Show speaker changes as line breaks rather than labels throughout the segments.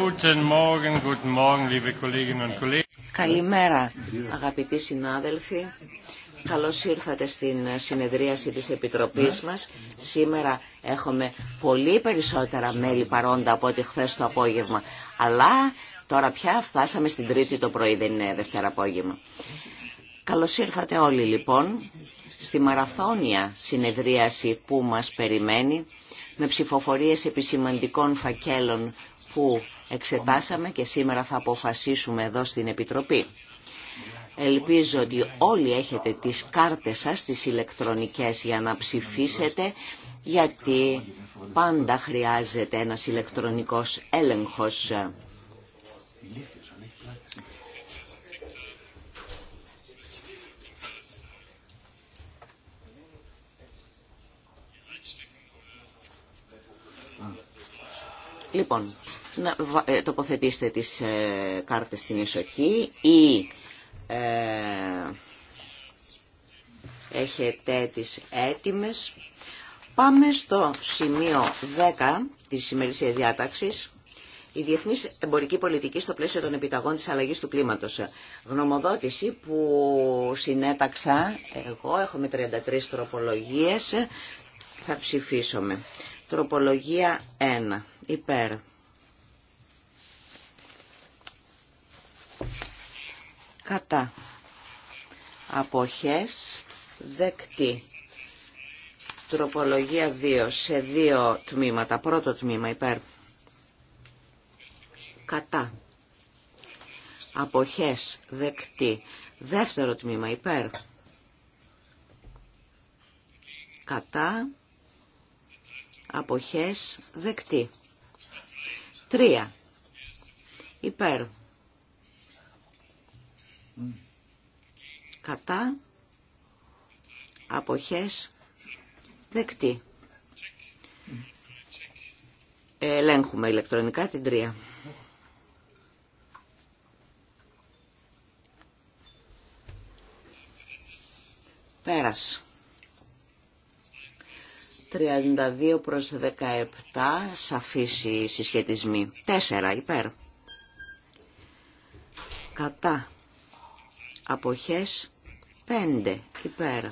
Guten Morgen, guten Morgen, liebe Kolleginnen und Kollegen.
Καλημέρα, αγαπητοί συνάδελφοι. Καλώς ήρθατε στην συνεδρίαση της Επιτροπής μας. Σήμερα έχουμε πολύ περισσότερα μέλη παρόντα από ό,τι χθε το απόγευμα. Αλλά τώρα πια φτάσαμε στην Τρίτη το πρωί, δεν είναι Δευτέρα απόγευμα. Καλώς ήρθατε όλοι λοιπόν στη μαραθώνια συνεδρίαση που μας περιμένει με ψηφοφορίες επισημαντικών φακέλων που εξετάσαμε και σήμερα θα αποφασίσουμε εδώ στην Επιτροπή. Ελπίζω ότι όλοι έχετε τις κάρτες σας, τις ηλεκτρονικές για να ψηφίσετε, γιατί πάντα χρειάζεται ένας ηλεκτρονικός έλεγχος. Λοιπόν, να ε, τοποθετήσετε τις ε, κάρτες στην ισοχή ή ε, έχετε τις έτοιμες. Πάμε στο σημείο 10 της σημερινής διάταξης. Η διεθνή εμπορική πολιτική στο πλαίσιο των επιταγών της αλλαγής του κλίματος. Γνωμοδότηση που συνέταξα εγώ, έχουμε 33 τροπολογίες, θα ψηφίσουμε. Τροπολογία 1, υπέρ κατά αποχές δεκτή τροπολογία 2 σε δύο τμήματα πρώτο τμήμα υπέρ κατά αποχές δεκτή δεύτερο τμήμα υπέρ κατά αποχές δεκτή τρία υπέρ κατά αποχές δεκτή. Ελέγχουμε ηλεκτρονικά την τρία Πέρας. 32 προς 17 σαφής οι συσχετισμοί. 4 υπέρ. Κατά αποχές 5 υπέρ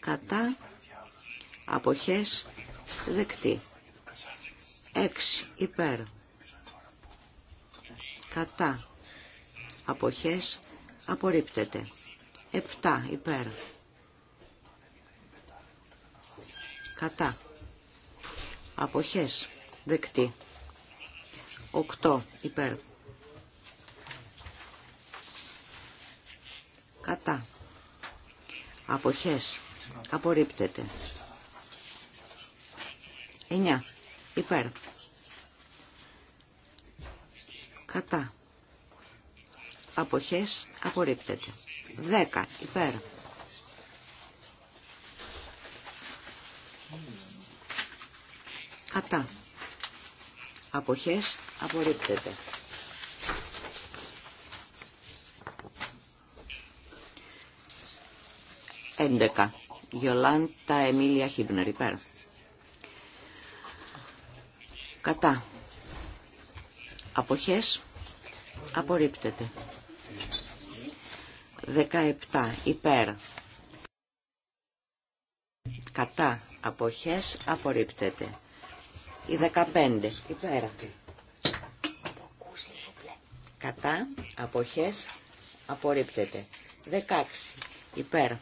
κατά αποχές δεκτή 6 υπέρ κατά αποχές απορρίπτεται 7 υπέρ κατά αποχές δεκτή 8 υπέρ Κατά. Αποχές. Απορρίπτεται. 9. Υπέρ. Κατά. Αποχές. Απορρίπτεται. 10. Υπέρ. Κατά. Αποχές. Απορρίπτεται. 11. Γιολάντα Εμίλια Χίμπνερ υπέρ. Κατά. Αποχές απορρίπτεται. 17 υπέρ. Κατά. Αποχές απορρίπτεται. Η 15 υπέρ. Κατά. Αποχές απορρίπτεται. 16 υπέρ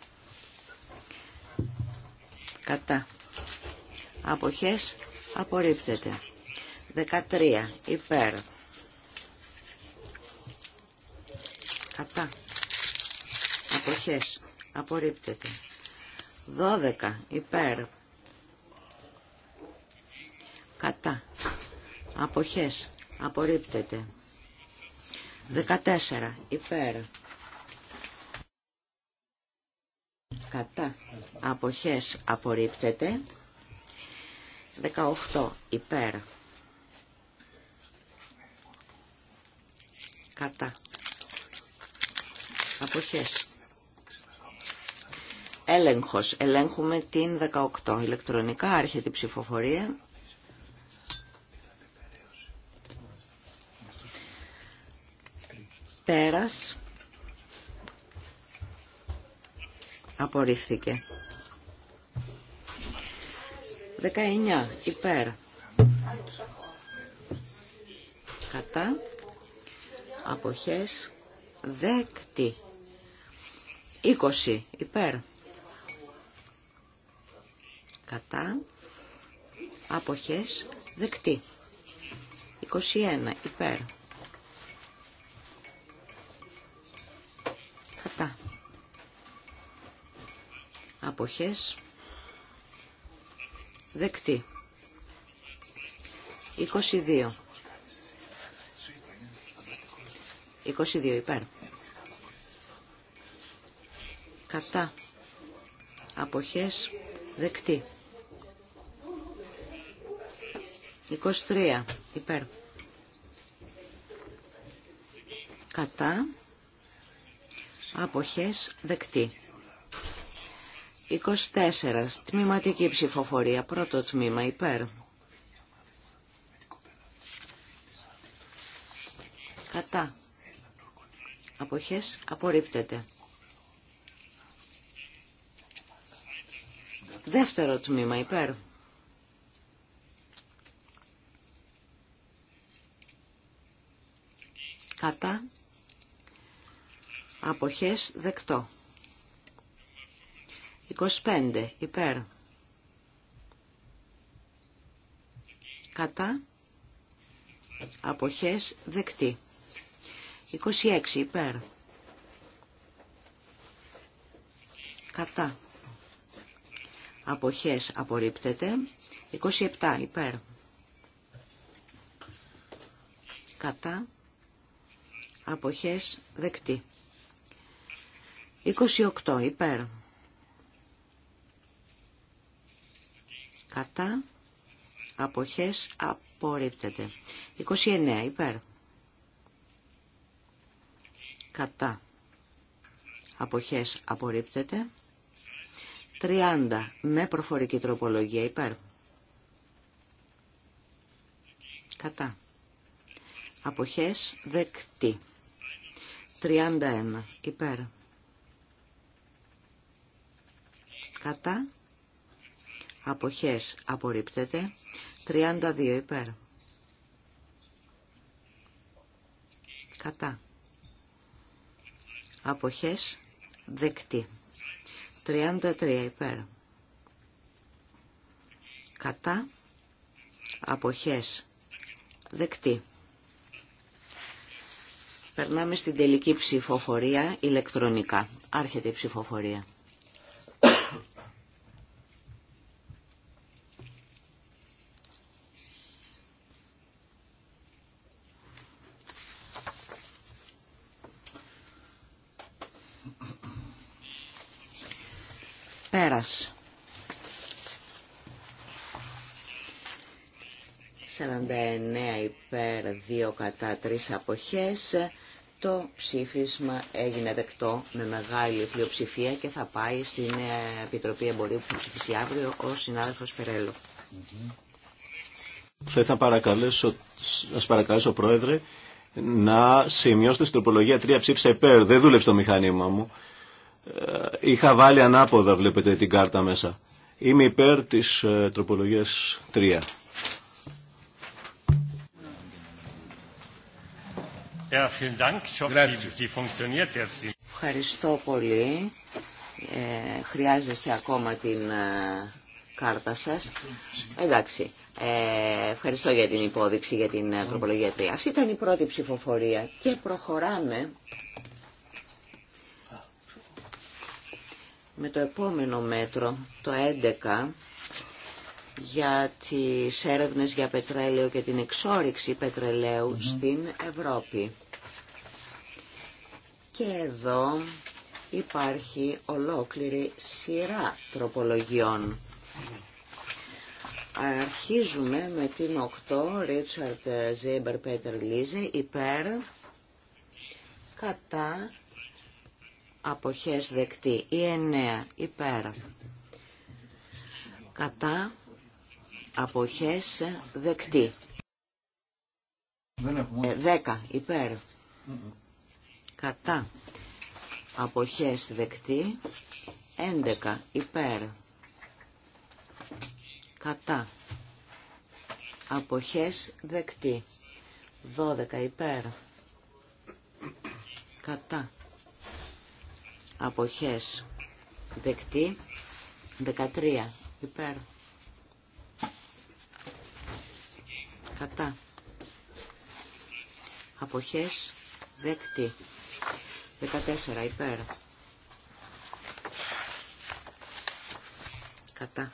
κατά αποχές απορρίπτεται 13 υπέρ κατά αποχές απορρίπτεται 12 υπέρ κατά αποχές απορρίπτεται 14 υπέρ κατά αποχές απορρίπτεται 18 υπέρ κατά αποχές έλεγχος ελέγχουμε την 18 ηλεκτρονικά άρχεται η ψηφοφορία πέρας Απορρίφθηκε. 19. Υπέρ. Κατά. Αποχές. Δέκτη. 20. Υπέρ. Κατά. Αποχές. Δεκτή. 21. Υπέρ. Κατά αποχές δεκτή 22 22 υπέρ κατά αποχές δεκτή 23 υπέρ κατά αποχές δεκτή 24. Τμήματική ψηφοφορία. Πρώτο τμήμα υπέρ. Κατά. Αποχές απορρίπτεται. Δεύτερο τμήμα υπέρ. Κατά. Αποχές δεκτό. 25 υπέρ. Κατά. Αποχές δεκτή. 26 υπέρ. Κατά. Αποχές απορρίπτεται. 27 υπέρ. Κατά. Αποχές δεκτή. 28 υπέρ. Κατά. Αποχές απορρίπτεται. 29 υπέρ. Κατά. Αποχές απορρίπτεται. 30 με προφορική τροπολογία υπέρ. Κατά. Αποχές δεκτή. 31 υπέρ. Κατά αποχές απορρίπτεται 32 υπέρ κατά αποχές δεκτή 33 υπέρ κατά αποχές δεκτή Περνάμε στην τελική ψηφοφορία ηλεκτρονικά. Άρχεται η ψηφοφορία. 49 υπέρ, 2 κατά, 3 αποχές. Το ψήφισμα έγινε δεκτό με μεγάλη πλειοψηφία και θα πάει στην ε, Επιτροπή Εμπορίου που θα ψηφίσει αύριο ο συνάδελφος Περέλο.
Θα ήθελα παρακαλέσω, σας παρακαλέσω Πρόεδρε να σημειώσετε στην τροπολογία 3 ψήφισα υπέρ. Δεν δούλεψε το μηχανήμα μου. Ε, είχα βάλει ανάποδα, βλέπετε, την κάρτα μέσα. Είμαι υπέρ της ε, τροπολογίας 3.
Ευχαριστώ πολύ. Ε, χρειάζεστε ακόμα την ε, κάρτα σας. Εντάξει. ευχαριστώ για την υπόδειξη, για την τροπολογία 3. Αυτή ήταν η πρώτη ψηφοφορία και προχωράμε με το επόμενο μέτρο, το 11, για τις έρευνες για πετρέλαιο και την εξόριξη πετρελαίου στην Ευρώπη. Και εδώ υπάρχει ολόκληρη σειρά τροπολογιών. Αρχίζουμε με την 8, Ρίτσαρτ Ζέμπερ Πέτερ Λίζε, υπέρ, κατά, αποχές δεκτή. Η 9 υπέρ κατά αποχές δεκτή. 10 ε, υπέρ κατά αποχές δεκτή. 11 υπέρ κατά αποχές δεκτή. 12 υπέρ κατά αποχές δεκτή 13 υπέρ κατά αποχές δεκτή 14 υπέρ κατά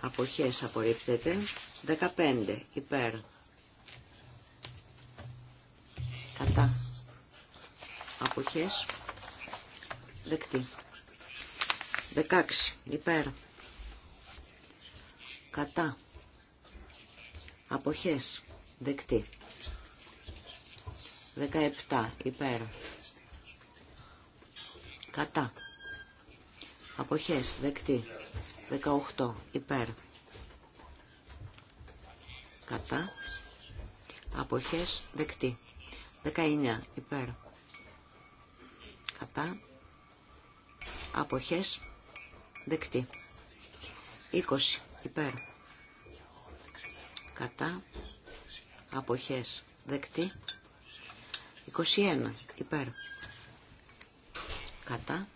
αποχές απορρίπτεται 15 υπέρ κατά αποχές Δεκτή. 16. Υπέρ. Κατά. Αποχές. Δεκτή. 17. Υπέρ. Κατά. Αποχές. Δεκτή. 18. Υπέρ. Κατά. Αποχές. Δεκτή. 19. Υπέρ. Κατά αποχές δεκτή 20 υπέρ κατά αποχές δεκτή 21 υπέρ κατά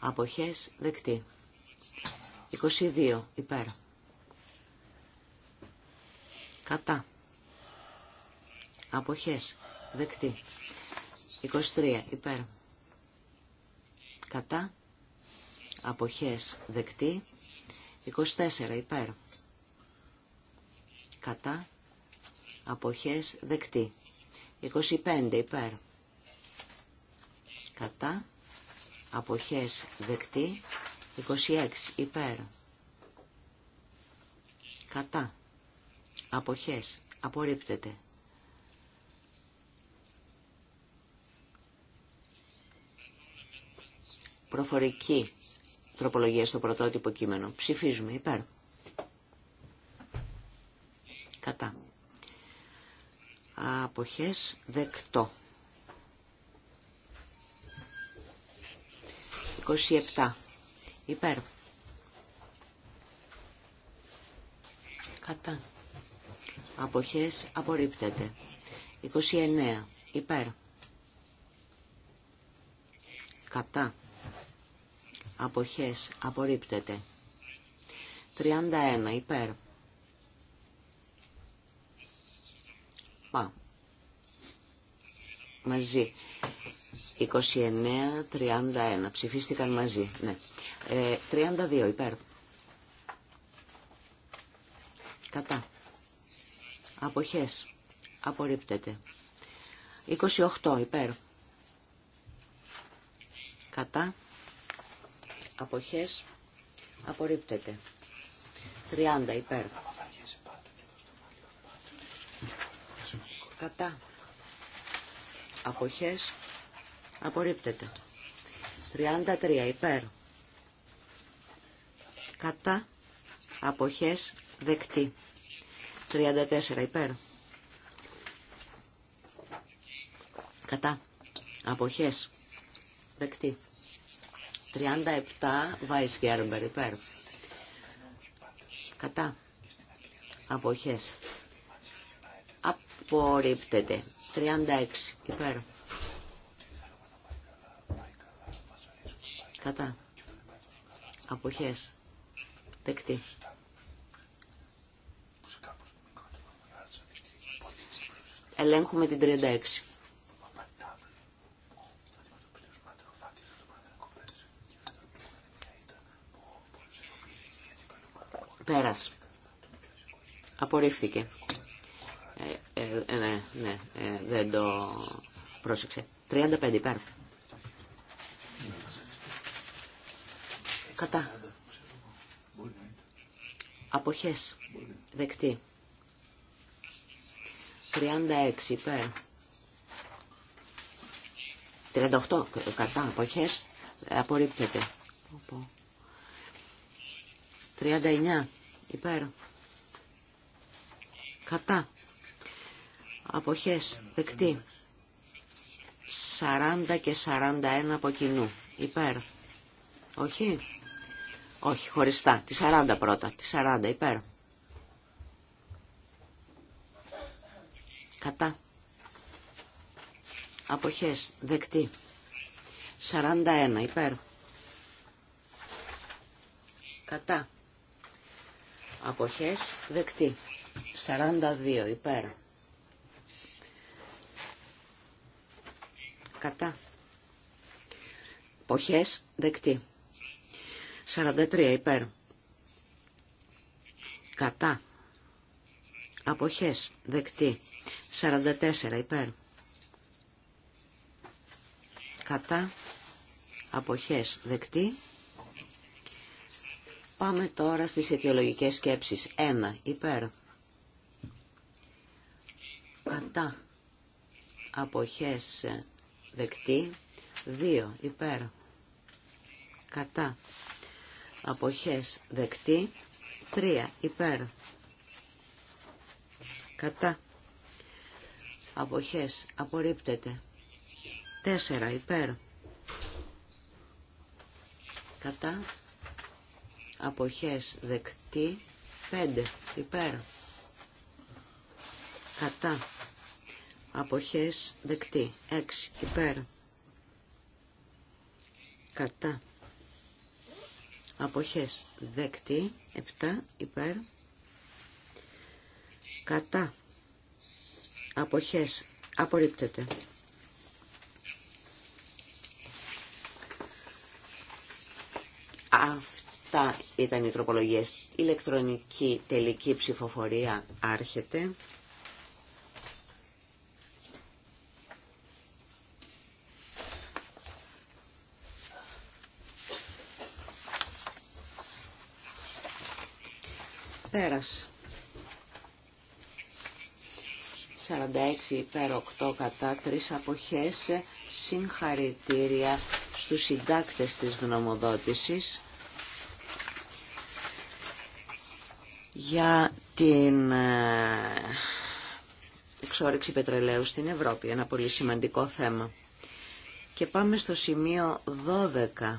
αποχές δεκτή 22 υπέρ κατά αποχές δεκτή 23 υπέρ κατά αποχές δεκτή 24 υπέρ κατά αποχές δεκτή 25 υπέρ κατά αποχές δεκτή 26 υπέρ κατά αποχές απορρίπτεται Προφορική τροπολογία στο πρωτότυπο κείμενο. Ψηφίζουμε υπέρ. Κατά. Αποχές δεκτό. 27. Υπέρ. Κατά. Αποχές απορρίπτεται. 29. Υπέρ. Κατά αποχές απορρίπτεται. 31 υπέρ. Πα. Μαζί. 29-31. Ψηφίστηκαν μαζί. Ναι. Ε, 32 υπέρ. Κατά. Αποχές. Απορρίπτεται. 28 υπέρ. Κατά αποχές απορρίπτεται. 30 υπέρ. Κατά. Αποχές απορρίπτεται. 33 υπέρ. Κατά. Αποχές δεκτή. 34 υπέρ. Κατά. Αποχές. Δεκτή. 37 Βάις Γκέρμπερ υπέρ. Κατά. Αποχές. Απορρίπτεται. 36 υπέρ. Κατά. Αποχές. Δεκτή. Ελέγχουμε την 36. Απορρίφθηκε. Ε, ε, ε, ναι, ναι, ε, δεν το πρόσεξε. 35 υπέρ. Κατά. Αποχές. Δεκτή. 36 υπέρ. 38 κατά. Αποχές. Απορρίπτεται. 39 υπέρ κατά αποχές δεκτή 40 και 41 από κοινού υπέρ όχι όχι χωριστά τη 40 πρώτα τη 40 υπέρ κατά αποχές δεκτή 41 υπέρ κατά αποχές δεκτή 42 υπέρ. Κατά. Ποχές δεκτή. 43 υπέρ. Κατά. Αποχές δεκτή. 44 υπέρ. Κατά. Αποχές δεκτή. Πάμε τώρα στις αιτιολογικές σκέψεις. 1 υπέρ. Κατά. Αποχές δεκτή. 2 υπέρ. Κατά. Αποχές δεκτή. 3 υπέρ. Κατά. Αποχές απορρίπτεται. 4 υπέρ. Κατά. Αποχές δεκτή. 5 υπέρ. Κατά αποχές δεκτή 6 υπέρ κατά αποχές δεκτή 7 υπέρ κατά αποχές απορρίπτεται Αυτά ήταν οι τροπολογίες. Ηλεκτρονική τελική ψηφοφορία άρχεται. 46 υπέρ 8 κατά 3 αποχές συγχαρητήρια στους συντάκτες της γνωμοδότησης για την ε, εξόρυξη πετρελαίου στην Ευρώπη. Ένα πολύ σημαντικό θέμα. Και πάμε στο σημείο 12.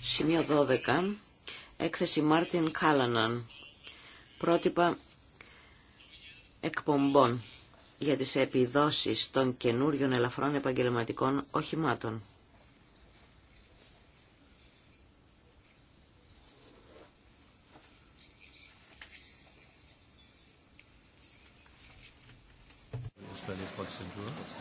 Σημείο 12. Έκθεση Μάρτιν Κάλαναν. Πρότυπα εκπομπών για τις επιδόσεις των καινούριων ελαφρών επαγγελματικών οχημάτων.
Ist die Prozedur?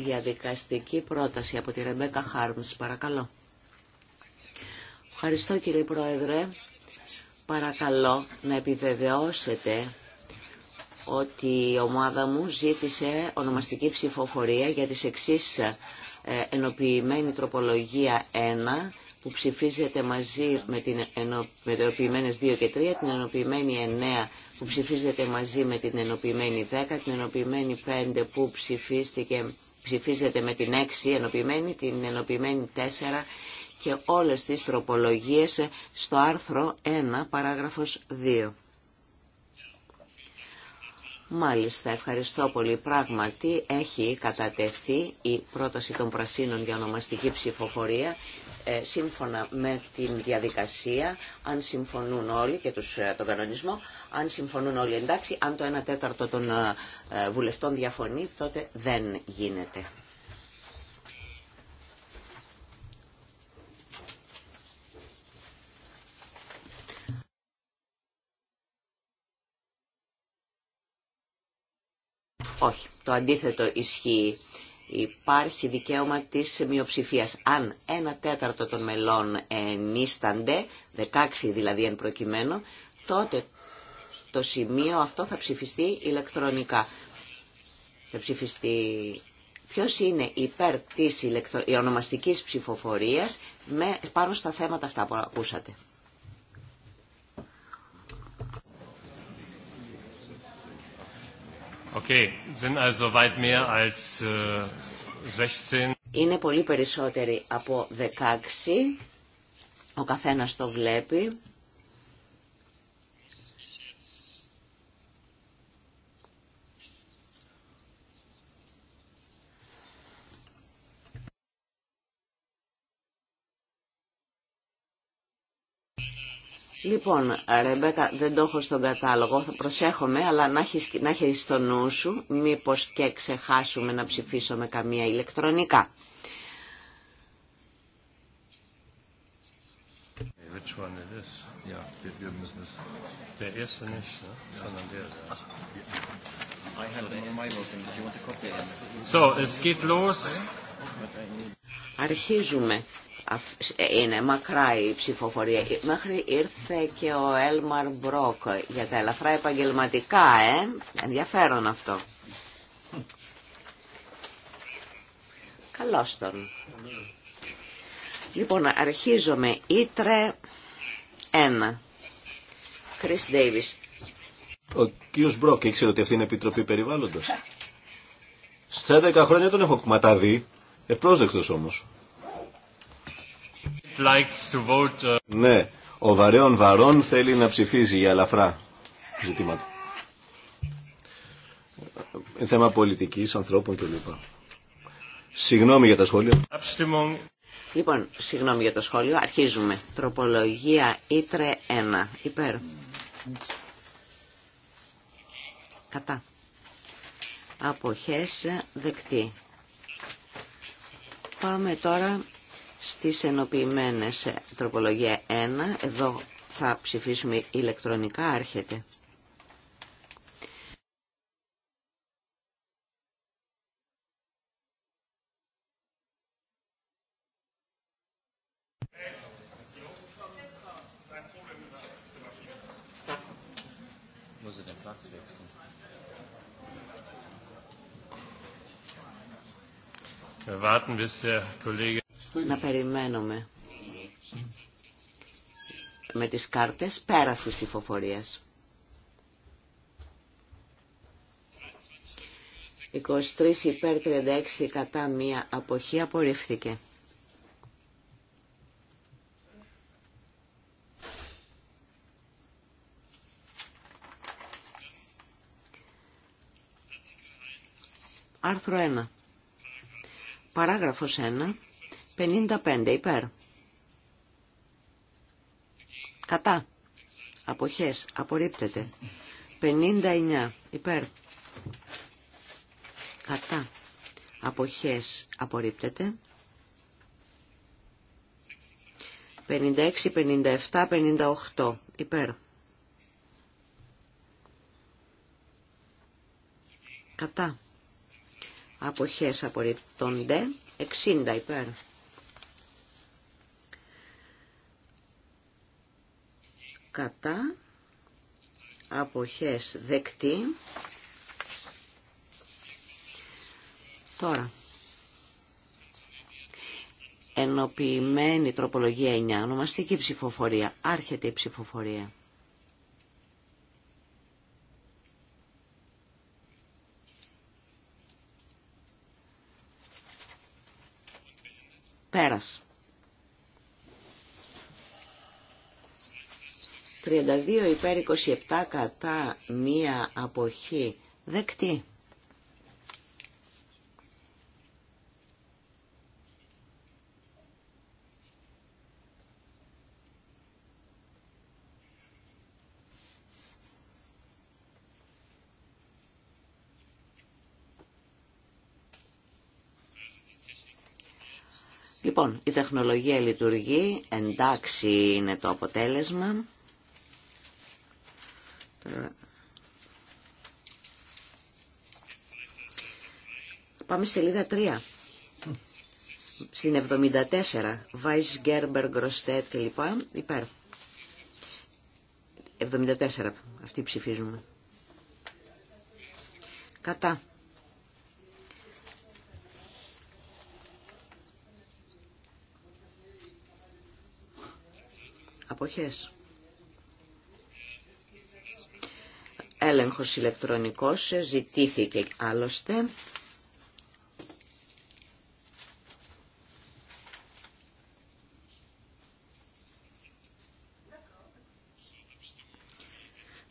Διαδικαστική πρόταση από τη Ρεμπέκα Χάρμς, παρακαλώ. Ευχαριστώ κύριε Πρόεδρε. Παρακαλώ να επιβεβαιώσετε ότι η ομάδα μου ζήτησε ονομαστική ψηφοφορία για τις εξής ε, ενοποιημένη τροπολογία 1 που ψηφίζεται μαζί με, την ενο... με το ενοποιημένες 2 και 3, την ενοποιημένη 9 που ψηφίζεται μαζί με την ενοποιημένη 10, την ενοποιημένη 5 που ψηφίστηκε, ψηφίζεται με την 6 ενοποιημένη, την ενοποιημένη 4 και όλες τις τροπολογίες στο άρθρο 1 παράγραφος 2. Μάλιστα, ευχαριστώ πολύ. Πράγματι, έχει κατατεθεί η πρόταση των Πρασίνων για ονομαστική ψηφοφορία ε, σύμφωνα με την διαδικασία, αν συμφωνούν όλοι και τους, ε, τον κανονισμό, αν συμφωνούν όλοι εντάξει, αν το 1 τέταρτο των ε, βουλευτών διαφωνεί, τότε δεν γίνεται. Όχι, το αντίθετο ισχύει. Υπάρχει δικαίωμα της μειοψηφία. Αν ένα τέταρτο των μελών ενίστανται, 16 δηλαδή εν προκειμένου, τότε το σημείο αυτό θα ψηφιστεί ηλεκτρονικά. Θα ψηφιστεί ποιος είναι υπέρ της ονομαστική ονομαστικής ψηφοφορίας με... πάνω στα θέματα
αυτά που ακούσατε. Okay, sind also weit mehr als 16. Äh,
Είναι πολύ περισσότεροι από 16. Ο καθένας το βλέπει. Λοιπόν, Ρεμπέκα, δεν το έχω στον κατάλογο, θα προσέχομαι, αλλά να έχεις, να έχεις στο νου σου, μήπως και ξεχάσουμε να ψηφίσουμε καμία ηλεκτρονικά. Αρχίζουμε. Είναι μακρά η ψηφοφορία. Μέχρι ήρθε και ο Έλμαρ Μπρόκ για τα ελαφρά επαγγελματικά, ε. Ενδιαφέρον αυτό. Καλώς τον. Λοιπόν, αρχίζομαι. Ήτρε
1. Κρίς Ντέιβις. Ο κύριος Μπρόκ ήξερε ότι αυτή είναι Επιτροπή Περιβάλλοντος. Στα 10 χρόνια τον έχω ματαδεί. Ευπρόσδεκτος όμως
likes to vote...
Uh, ναι, ο βαρέων βαρών θέλει να ψηφίζει για ελαφρά ζητήματα. Ε, θέμα πολιτική ανθρώπων κλπ. Συγγνώμη για τα σχόλια.
Λοιπόν, συγγνώμη για το σχόλιο. Αρχίζουμε. Τροπολογία Ήτρε 1. Υπέρ. Κατά. Αποχές δεκτή. Πάμε τώρα στις ενοποιημένες ε, τροπολογία 1, εδώ θα ψηφίσουμε ηλεκτρονικά, άρχεται.
warten, bis der Kollege να
περιμένουμε με τις κάρτες πέρα της ψηφοφορίας. 23 υπέρ 36 κατά μία αποχή απορρίφθηκε. Άρθρο 1. Παράγραφος 1. 55 υπέρ. Κατά. Αποχές. Απορρίπτεται. 59 υπέρ. Κατά. Αποχές. Απορρίπτεται. 56, 57, 58 υπέρ. Κατά. Αποχές απορρίπτονται. 60 υπέρ. κατά αποχές δεκτή. Τώρα, ενοποιημένη τροπολογία 9, ονομαστική ψηφοφορία, άρχεται η ψηφοφορία. Πέρας. 32 υπέρ 27 κατά μία αποχή δεκτή. Λοιπόν, η τεχνολογία λειτουργεί, εντάξει είναι το αποτέλεσμα. Πάμε στη σελίδα 3. Στην 74. Βάις Γκέρμπερ Γκροστέτ κλπ. Υπέρ. 74. Αυτή ψηφίζουμε. Κατά. Αποχές. έλεγχος ηλεκτρονικός ζητήθηκε άλλωστε.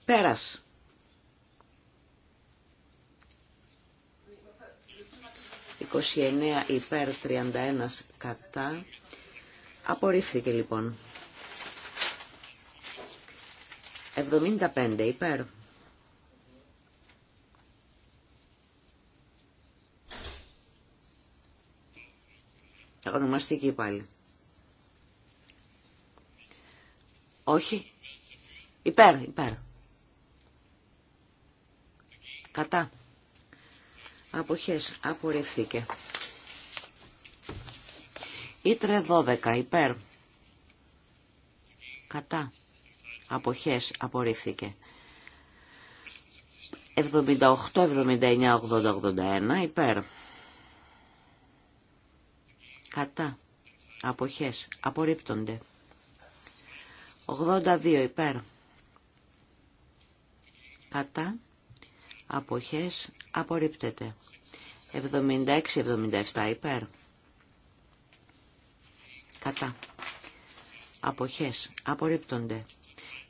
Πέρας. «29 υπέρ 31 κατά». Απορρίφθηκε λοιπόν. «75 υπέρ». ονομαστική πάλι. Όχι. Υπέρ, υπέρ. Κατά. Αποχές. απορρίφθηκε. Ήτρε 12. Υπέρ. Κατά. Αποχές. Απορρίφθηκε. 78, 79, 80, 81. Υπέρ κατά αποχές απορρίπτονται 82 υπέρ κατά αποχές απορρίπτεται 76-77 υπέρ κατά αποχές απορρίπτονται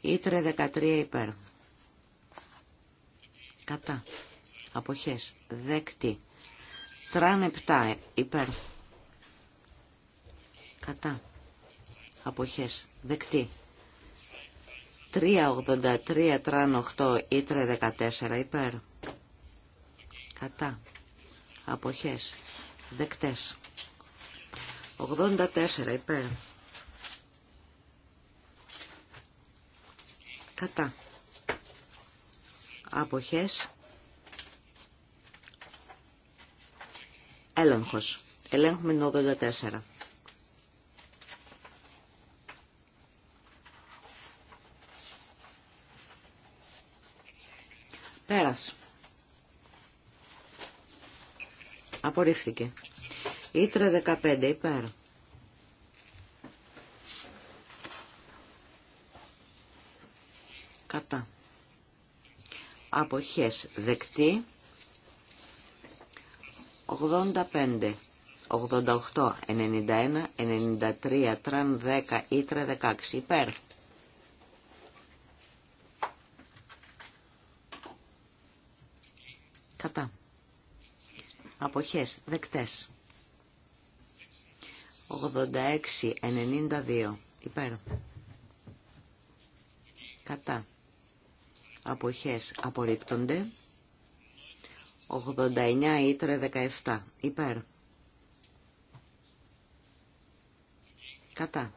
Ήτρε 13 υπέρ. Κατά. Αποχές. Δέκτη. Τραν υπέρ κατά αποχές δεκτή 383 τραν 8 ήτρε 14 υπέρ κατά αποχές δεκτές 84 υπέρ κατά αποχές έλεγχος. Ελέγχουμε την 84. Πλευράς. Απορρίφθηκε. Ήτρε 15 υπέρ. Κατά. Αποχές δεκτή. 85. 88, 91, 93, τραν 10, ήτρα 16, υπέρ. Κατά. Αποχές. Δεκτές. 86-92. Υπέρ. Κατά. Αποχές. Απορρίπτονται. 89 ήτρε 17. Υπέρ. Κατά.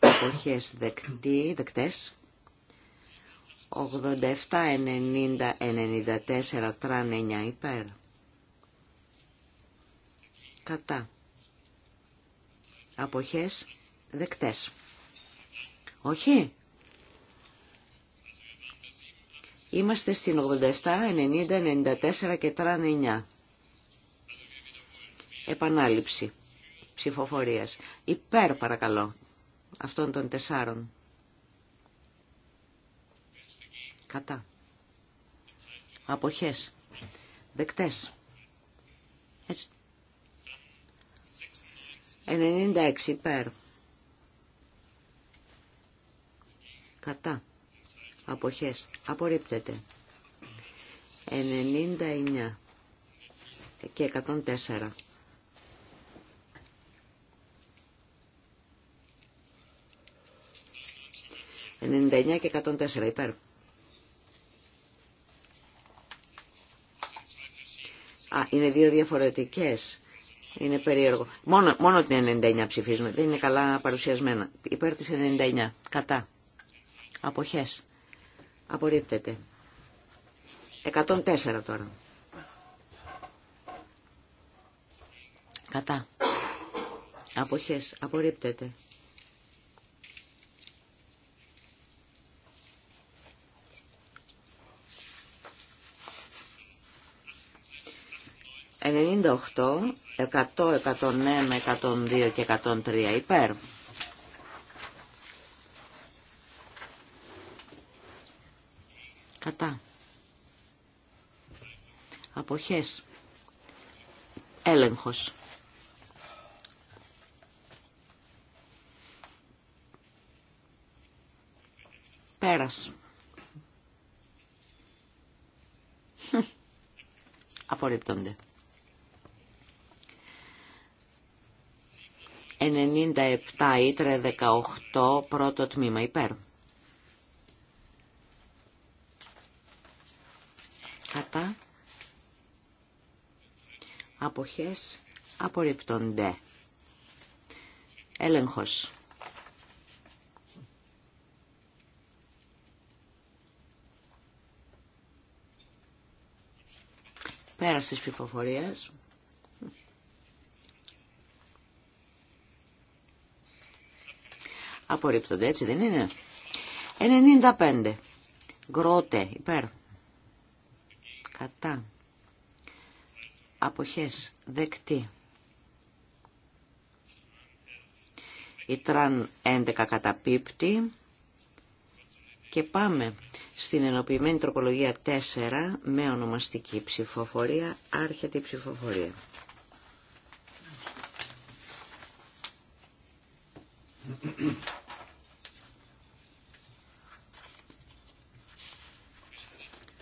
Αποχές δεκτή, δεκτές. 87, 90, 94, τραν 9 υπέρ. Κατά. Αποχές δεκτές. Όχι. Είμαστε στην 87, 90, 94 και τραν 9. Επανάληψη ψηφοφορίας. Υπέρ παρακαλώ αυτών των τεσσάρων. Κατά. Αποχές. Δεκτές. Έτσι. 96 υπέρ. Κατά. Αποχές. Απορρίπτεται. 99 και 104. 99 και 104 υπέρ. Α, είναι δύο διαφορετικές. Είναι περίεργο. Μόνο, μόνο την 99 ψηφίζουμε. Δεν είναι καλά παρουσιασμένα. Υπέρ της 99. Κατά. Αποχές. Απορρίπτεται. 104 τώρα. Κατά. Αποχές. Απορρίπτεται. 98, 100, 101, 102 και 103 υπέρ. Κατά. Αποχές. Έλεγχος. Πέρας. Απορρίπτονται. 97 ήτρε 18 πρώτο τμήμα υπέρ. Κατά. Αποχές απορριπτονται. Έλεγχος. Πέρασης ψηφοφορίας. Απορρίπτονται έτσι δεν είναι. 95. Γκρότε υπέρ. Κατά. Αποχές δεκτή. Η τραν 11 καταπίπτει. Και πάμε στην ενοποιημένη τροπολογία 4 με ονομαστική ψηφοφορία. Άρχεται η ψηφοφορία.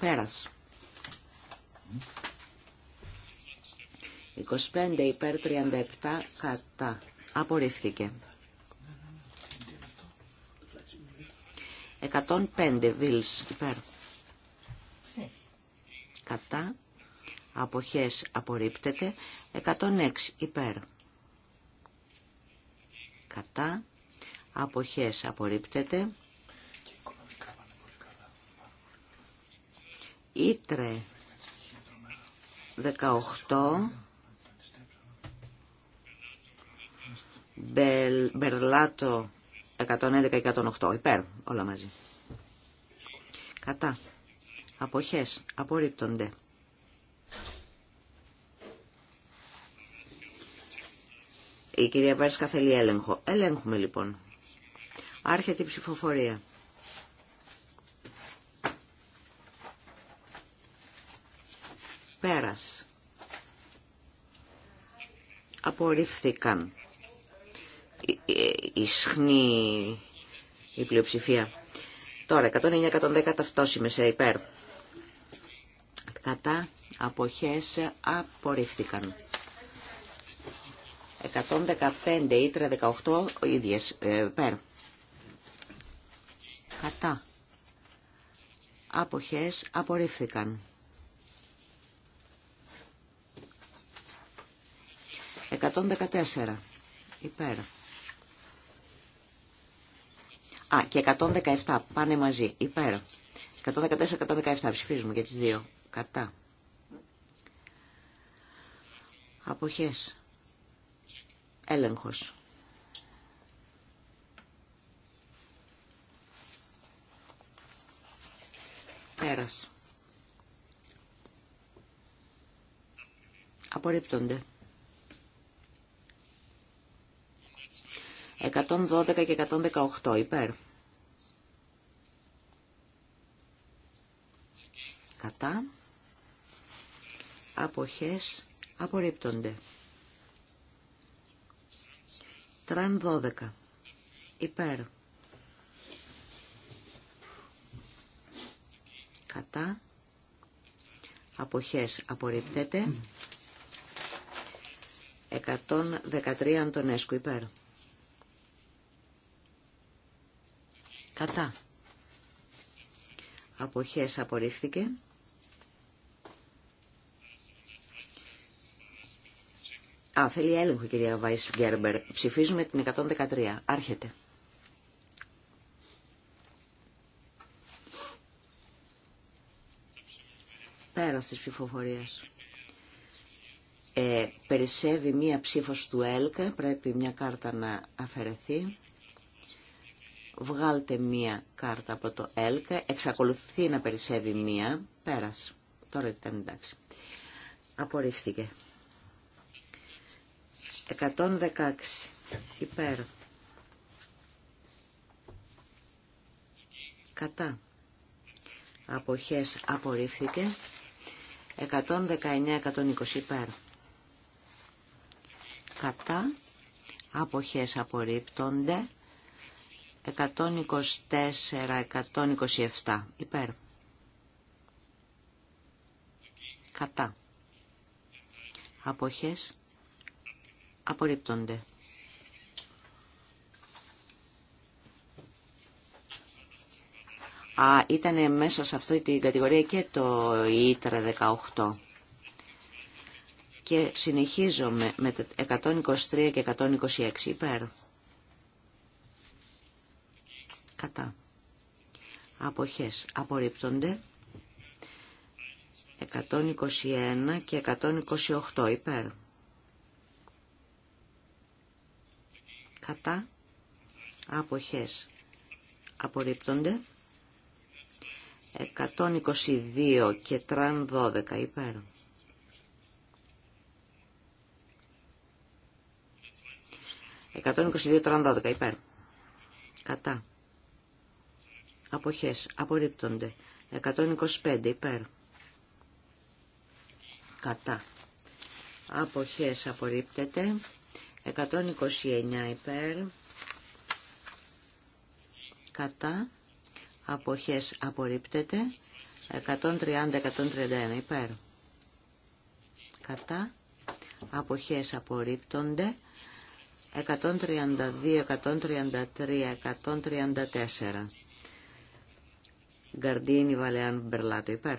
Πέρας. 25 υπέρ 37 κατά. Απορρίφθηκε. 105 βίλς υπέρ. Κατά. Αποχές απορρίπτεται. 106 υπέρ. Κατά. Αποχές απορρίπτεται. Ήτρε 18 Μπερλάτο 111 108 υπέρ όλα μαζί κατά αποχές απορρίπτονται η κυρία Πέρσκα θέλει έλεγχο έλεγχουμε λοιπόν άρχεται η ψηφοφορία Πέρας. Απορρίφθηκαν. Η, η πλειοψηφία. Τώρα, 109-110 σε υπέρ. Κατά αποχές απορρίφθηκαν. 115 ή 318 ίδιες ε, υπέρ. Κατά αποχές απορρίφθηκαν. 114 υπέρ. Α, και 117 πάνε μαζί υπέρ. 114-117 ψηφίζουμε για τις δύο. Κατά. Αποχές. Έλεγχος. Πέρας. Απορρίπτονται. 112 και 118 υπέρ. Κατά. Αποχές απορρίπτονται. Τραν 12 υπέρ. Κατά. Αποχές απορρίπτεται. 113 Αντωνέσκου υπέρ. Κατά. Αποχές απορρίφθηκε. Α, θέλει έλεγχο κυρία Βάις Γκέρμπερ. Ψηφίζουμε την 113. Άρχεται. Πέρα της ψηφοφορίας. Ε, περισσεύει μία ψήφος του ΕΛΚ, πρέπει μια κάρτα να αφαιρεθεί. Βγάλτε μία κάρτα από το ΕΛΚΑ. Εξακολουθεί να περισσεύει μία. Πέρας. Τώρα ήταν εντάξει. Απορρίφθηκε. 116. Υπέρ. Κατά. Αποχές απορρίφθηκε. 119-120 υπέρ. Κατά. Αποχές απορρίπτονται. 124-127 υπέρ. Κατά. Αποχές απορρίπτονται. Α, ήταν μέσα σε αυτή την κατηγορία και το ΙΤΡΑ 18. Και συνεχίζουμε με 123 και 126 υπέρ κατά. Αποχές απορρίπτονται 121 και 128 υπέρ. Κατά αποχές απορρίπτονται 122 και τραν 12 υπέρ. 122 τραν 12 υπέρ. Κατά. Αποχές. Απορρίπτονται. 125 υπέρ. Κατά. Αποχές απορρίπτεται. 129 υπέρ. Κατά. Αποχές απορρίπτεται. 130-131 υπέρ. Κατά. Αποχές απορρίπτονται. 132, 133, 134 Γκαρντίνι Βαλεάν Μπερλάτο υπέρ.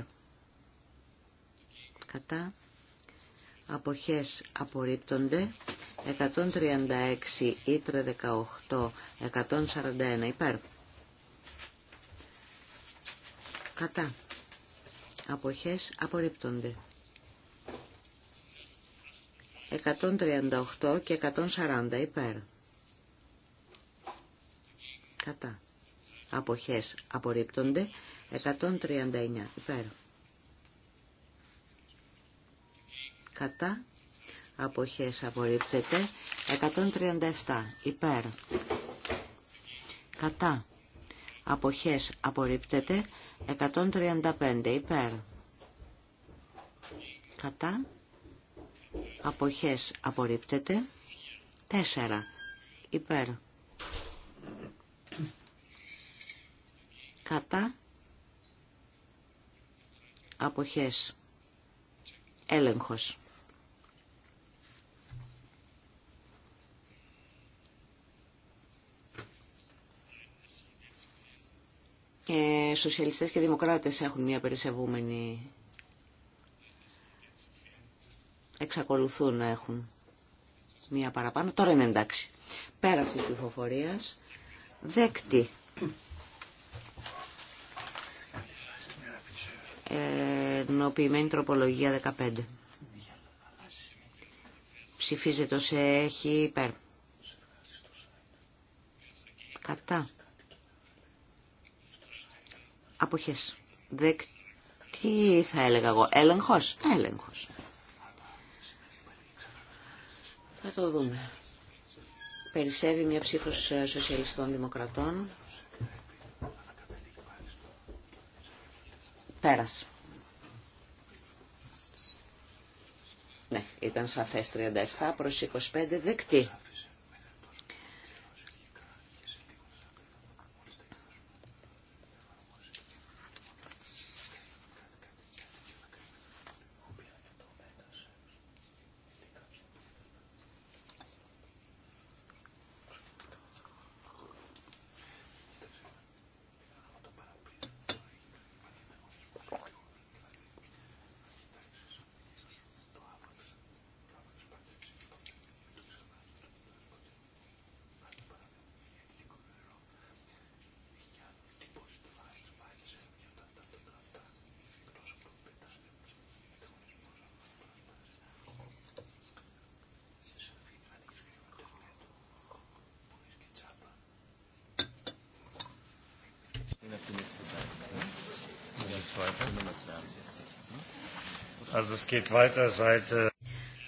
Κατά. Αποχές απορρίπτονται 136 ήτρε 18 141 υπέρ. Κατά. Αποχές απορρίπτονται. 138 και 140 υπέρ. Κατά αποχές απορρίπτονται 139 υπέρ κατά αποχές απορρίπτεται 137 υπέρ κατά αποχές απορρίπτεται 135 υπέρ κατά αποχές απορρίπτεται 4 υπέρ κατά αποχές έλεγχος και ε, σοσιαλιστές και δημοκράτες έχουν μια περισσευούμενη εξακολουθούν να έχουν μία παραπάνω. Τώρα είναι εντάξει. Πέρασε της πληροφορίας. Δέκτη. νοποιημένη τροπολογία 15. Ψηφίζεται όσο έχει υπέρ. Κατά. Αποχές. Τι θα έλεγα εγώ. Έλεγχος. Έλεγχος. Θα το δούμε. Περισσεύει μια ψήφος σοσιαλιστών δημοκρατών. Πέρας. Ναι, ήταν σαφές 37 προς 25 δεκτή.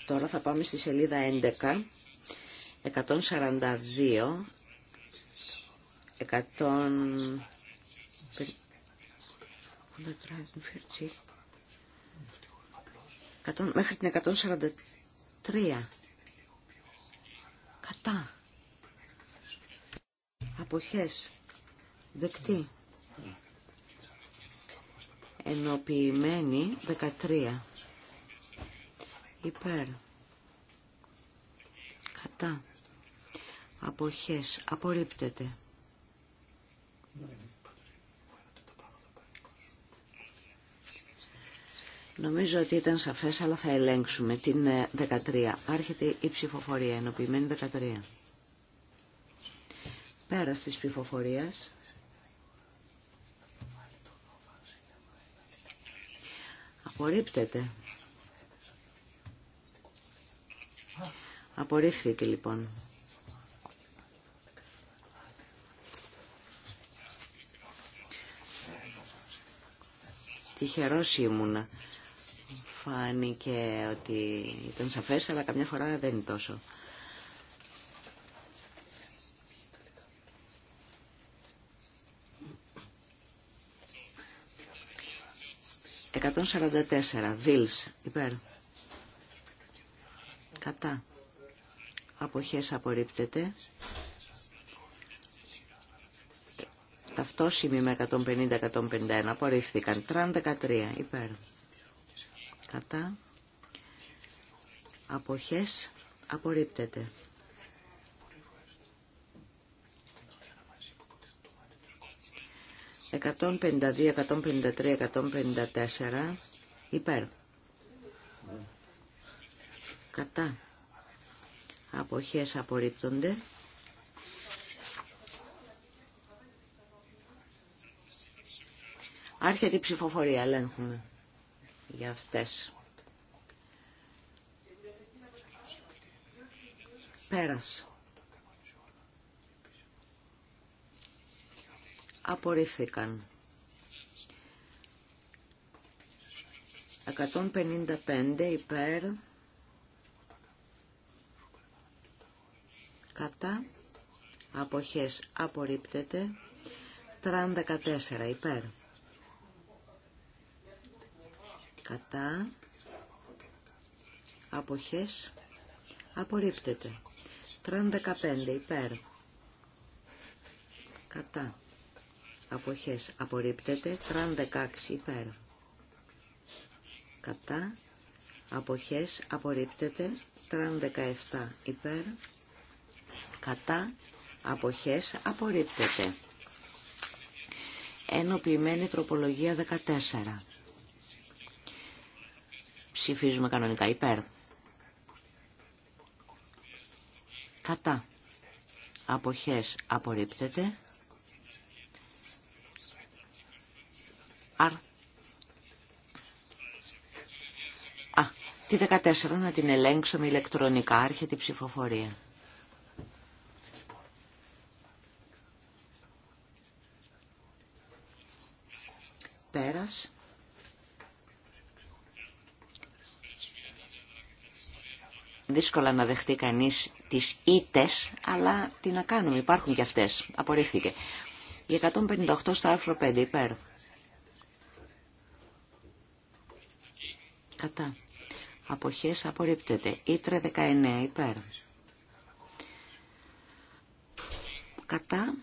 Τώρα θα πάμε στη σελίδα 11, 142, 100... μέχρι την 143. Κατά. Αποχές. Δεκτή. Ενοποιημένη 13 υπέρ κατά αποχές απορρίπτεται Νομίζω ότι ήταν σαφές, αλλά θα ελέγξουμε την 13. Ε, Άρχεται η ψηφοφορία, ενοποιημένη 13. Πέρα της ψηφοφορίας. Απορρίπτεται. Απορρίφθηκε λοιπόν. Τυχερός ήμουνα. Φάνηκε ότι ήταν σαφές, αλλά καμιά φορά δεν είναι τόσο. Εκατόν σαράντα τέσσερα, υπέρ. Κατά αποχές απορρίπτεται. Ταυτόσημη με 150-151 απορρίφθηκαν. Τραν 13 υπέρ. Κατά. Αποχές απορρίπτεται. Απορρίπτεται. 152-153-154. υπέρ. Κατά αποχές απορρίπτονται. Άρχεται η ψηφοφορία, ελέγχουμε για αυτές. Πέρασε. Απορρίφθηκαν. 155 υπέρ κατά αποχές απορρίπτεται 34 υπέρ κατά αποχές απορρίπτεται 35 υπέρ κατά αποχές απορρίπτεται 36 υπέρ κατά αποχές απορρίπτεται 37 υπέρ κατά αποχές απορρίπτεται. Ενοποιημένη τροπολογία 14. Ψηφίζουμε κανονικά υπέρ. Κατά. Αποχές απορρίπτεται. Αρ. Α, τη 14 να την ελέγξουμε ηλεκτρονικά. Άρχεται η ψηφοφορία. Πέρας. Δύσκολα να δεχτεί κανείς τις ήτες, αλλά τι να κάνουμε, υπάρχουν και αυτές. Απορρίφθηκε. Η 158 στο άρθρο 5, υπέρ. Κατά. Αποχές απορρίπτεται. Ήτρε 19, υπέρ. Κατά.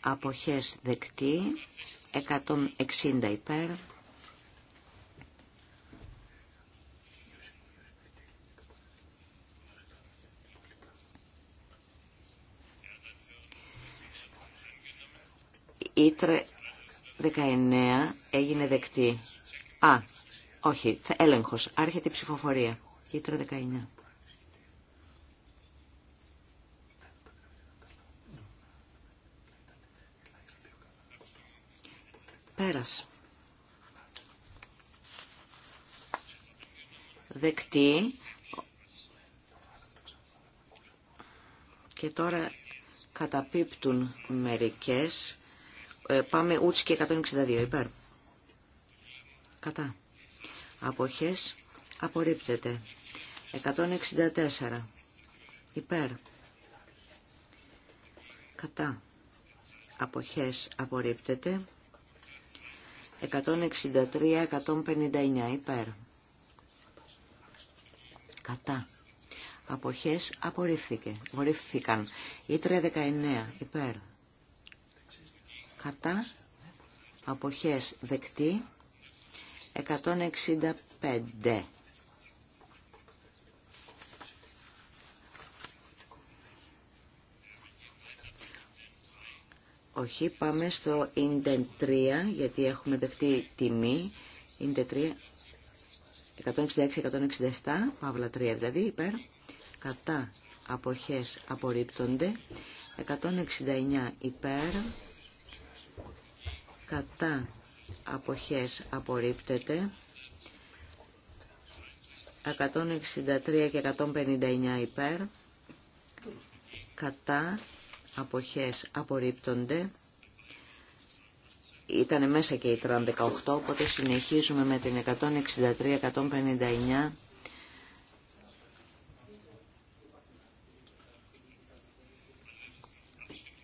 Αποχές δεκτή. 160 υπέρ. Ήτρε 19 έγινε δεκτή. Α, όχι, έλεγχος. Άρχεται η ψηφοφορία. Ήτρε 19. Πέρας. Δεκτή. Και τώρα καταπίπτουν μερικές. Ε, πάμε ούτσι και 162 υπέρ. Κατά. Αποχές απορρίπτεται. 164 υπέρ. Κατά. Αποχές απορρίπτεται. 163-159 υπέρ. Κατά. Αποχές απορρίφθηκε. Απορρίφθηκαν. Ήτρε 19 υπέρ. Κατά. Αποχές δεκτή. 165 Όχι, πάμε στο Inden 3, γιατί έχουμε δεχτεί τιμή. Inden 3, 166-167, παύλα 3 δηλαδή, υπέρ. Κατά αποχές απορρίπτονται. 169 υπέρ. Κατά αποχές απορρίπτεται. 163 και 159 υπέρ. Κατά αποχές απορρίπτονται. Ήταν μέσα και η τραν 18, οπότε συνεχίζουμε με την 163-159.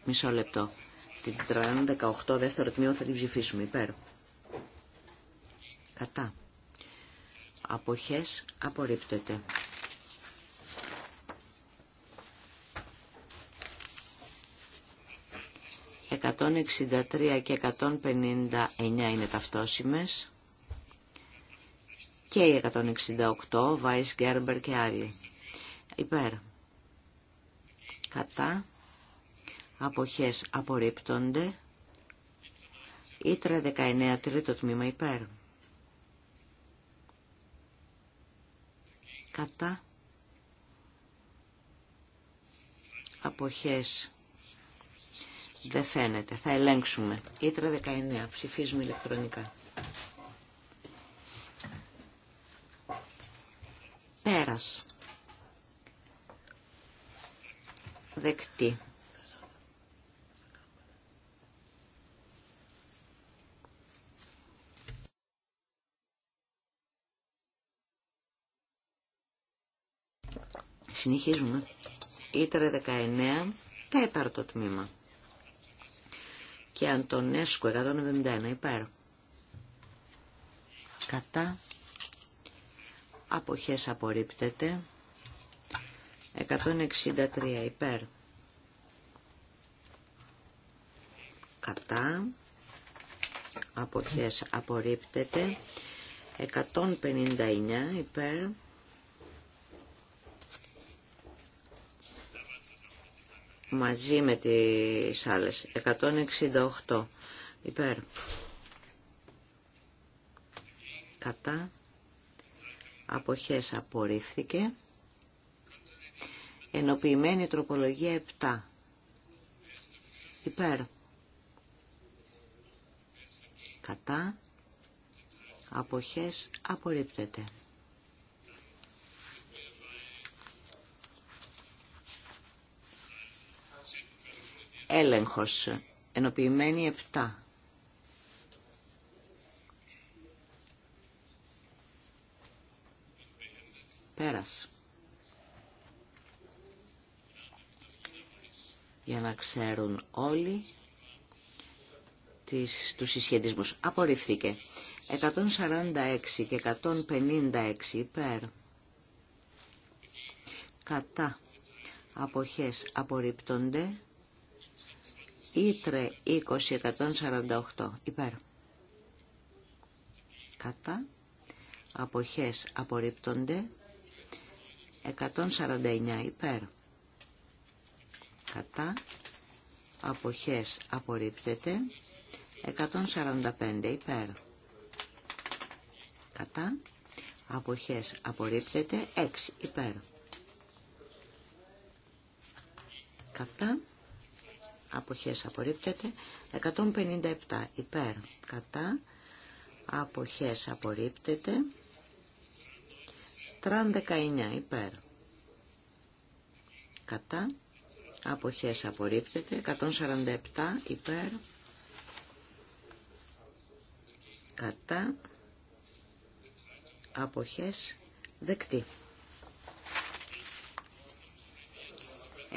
Μισό λεπτό. Την τραν 18 δεύτερο τμήμα θα την ψηφίσουμε υπέρ. Κατά. Αποχές απορρίπτεται. 163 και 159 είναι ταυτόσιμες και οι 168, Βάις Γκέρμπερ και άλλοι. Υπέρ. Κατά. Αποχές απορρίπτονται. Ήτρα 19, τρίτο τμήμα υπέρ. Κατά. Αποχές δεν φαίνεται. Θα ελέγξουμε. Ήτρα 19. Ψηφίζουμε ηλεκτρονικά. Πέρας. Δεκτή. Συνεχίζουμε. Ήτρα 19. Τέταρτο τμήμα και Αντωνέσκου 171 υπέρ. Κατά αποχές απορρίπτεται 163 υπέρ. Κατά αποχές απορρίπτεται 159 υπέρ μαζί με τις άλλες. 168 υπέρ. Κατά. Αποχές απορρίφθηκε. Ενοποιημένη τροπολογία 7. Υπέρ. Κατά. Αποχές απορρίπτεται. έλεγχος. Ενοποιημένη 7. Πέρας. Για να ξέρουν όλοι τις, τους συσχετισμούς. Απορριφθήκε. 146 και 156 υπέρ. Κατά. Αποχές απορρίπτονται. Ήτρε 20-148 υπέρ. Κατά. Αποχές απορρίπτονται. 149 υπέρ. Κατά. Αποχές απορρίπτεται. 145 υπέρ. Κατά. Αποχές απορρίπτεται. 6 υπέρ. Κατά αποχές απορρίπτεται 157 υπέρ κατά αποχές απορρίπτεται 39 υπέρ κατά αποχές απορρίπτεται 147 υπέρ κατά αποχές δεκτή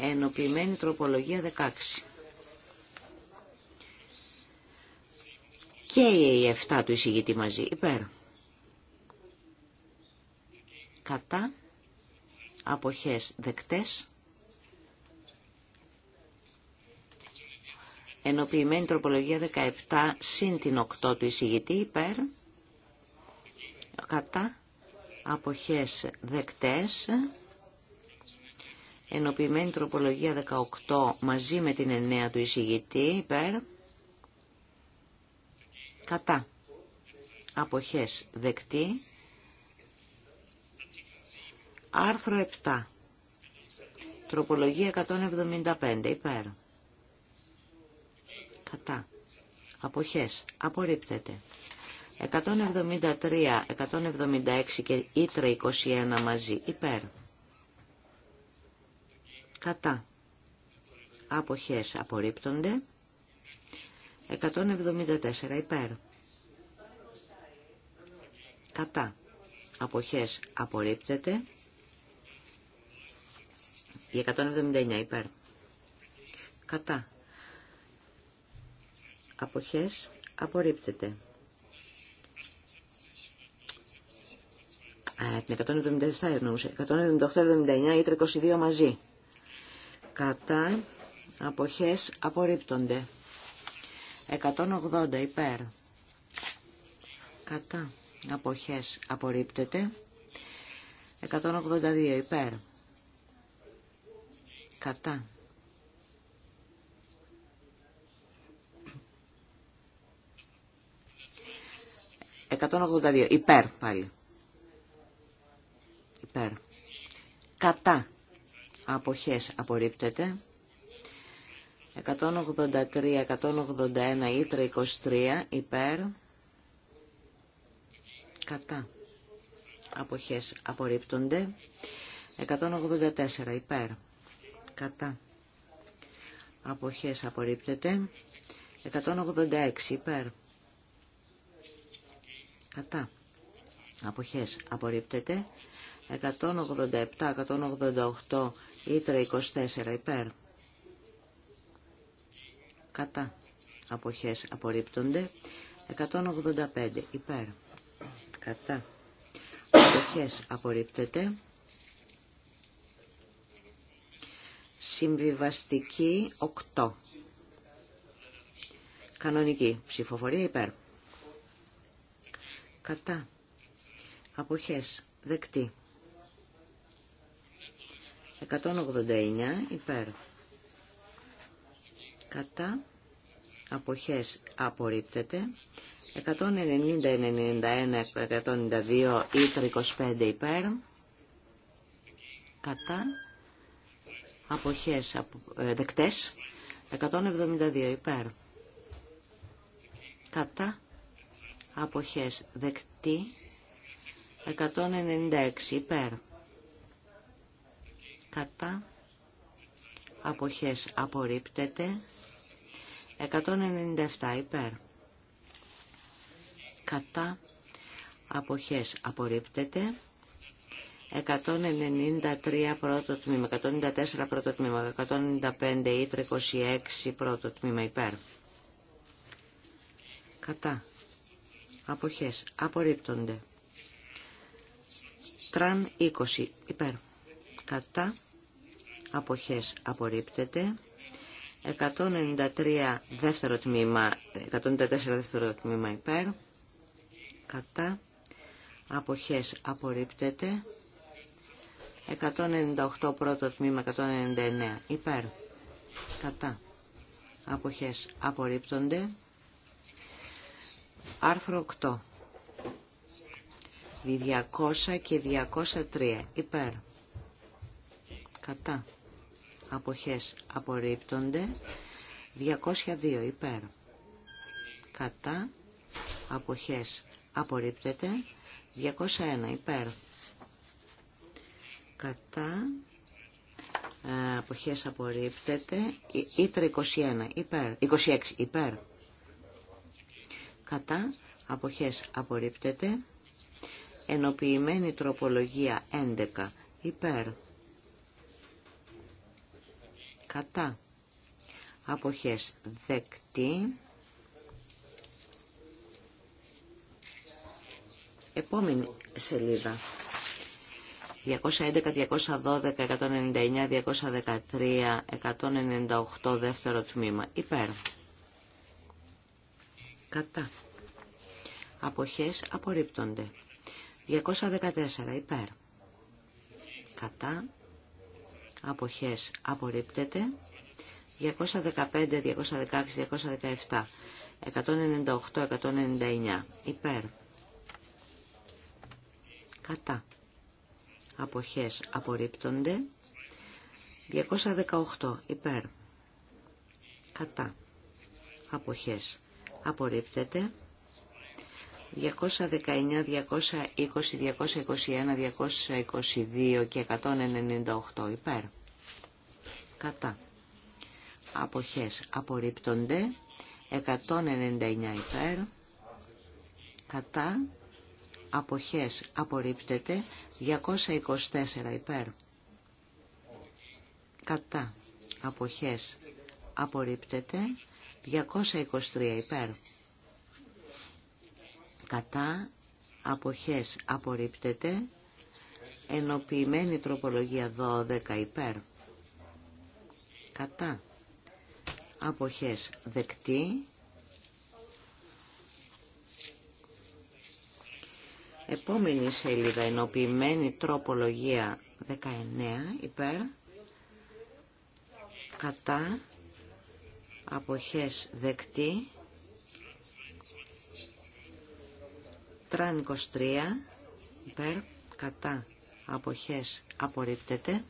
ενοποιημένη τροπολογία 16 και η 7 του εισηγητή μαζί. Υπέρ. Κατά. Αποχές δεκτές. Ενοποιημένη τροπολογία 17 συν την 8 του εισηγητή υπέρ. Κατά. Αποχές δεκτές. Ενοποιημένη τροπολογία 18 μαζί με την 9 του εισηγητή υπέρ κατά αποχές δεκτή άρθρο 7 τροπολογία 175 υπέρ κατά αποχές απορρίπτεται 173, 176 και ήτρα 21 μαζί υπέρ κατά αποχές απορρίπτονται 174 υπέρ. Κατά. Αποχές απορρίπτεται. Η 179 υπέρ. Κατά. Αποχές απορρίπτεται. Ε, την 177 εννοούσε. 178, 179 ή 32 μαζί. Κατά. Αποχές απορρίπτονται. 180 υπέρ. Κατά. Αποχές απορρίπτεται. 182 υπέρ. Κατά. ...182. Υπέρ πάλι. Υπέρ. Κατά. Αποχές απορρίπτεται. 183, 181 Ήτρα 23 υπέρ κατά αποχές απορρίπτονται 184 υπέρ κατά αποχές απορρίπτεται 186 υπέρ κατά αποχές απορρίπτεται 187, 188 Ήτρα 24 υπέρ κατά αποχές απορρίπτονται 185 υπέρ κατά αποχές απορρίπτεται συμβιβαστική 8 κανονική ψηφοφορία υπέρ κατά αποχές δεκτή 189 υπέρ κατά αποχές απορρίπτεται 190, 91, 192 ή 25 υπέρ κατά αποχές δεκτές 172 υπέρ κατά αποχές δεκτή 196 υπέρ κατά αποχές απορρίπτεται 197 υπέρ. Κατά αποχές απορρίπτεται. 193 πρώτο τμήμα, 194 πρώτο τμήμα, 195 ή 326 πρώτο τμήμα υπέρ. Κατά. Αποχές. Απορρίπτονται. Τραν 20 υπέρ. Κατά. Αποχές. Απορρίπτεται. 193 δεύτερο τμήμα, 194 δεύτερο τμήμα υπέρ, κατά, αποχές απορρίπτεται, 198 πρώτο τμήμα, 199 υπέρ, κατά, αποχές απορρίπτονται, άρθρο 8, 200 και 203 υπέρ, κατά, αποχές απορρίπτονται 202 υπέρ κατά αποχές απορρίπτεται 201 υπέρ κατά ε, αποχές απορρίπτεται ήτρα 21 υπέρ 26 υπέρ κατά αποχές απορρίπτεται ενοποιημένη τροπολογία 11 υπέρ κατά αποχές δεκτή. Επόμενη σελίδα. 211, 212, 199, 213, 198, δεύτερο τμήμα. Υπέρ. Κατά. Αποχές απορρίπτονται. 214, υπέρ. Κατά αποχές απορρίπτεται 215, 216, 217 198, 199 υπέρ κατά αποχές απορρίπτονται 218 υπέρ κατά αποχές απορρίπτεται 219, 220, 221, 222 και 198 υπέρ. Κατά. Αποχές απορρίπτονται. 199 υπέρ. Κατά. Αποχές απορρίπτεται. 224 υπέρ. Κατά. Αποχές απορρίπτεται. 223 υπέρ κατά αποχές απορρίπτεται ενοποιημένη τροπολογία 12 υπέρ κατά αποχές δεκτή επόμενη σελίδα ενοποιημένη τροπολογία 19 υπέρ κατά αποχές δεκτή Τραν 23 υπέρ κατά αποχές απορρίπτεται.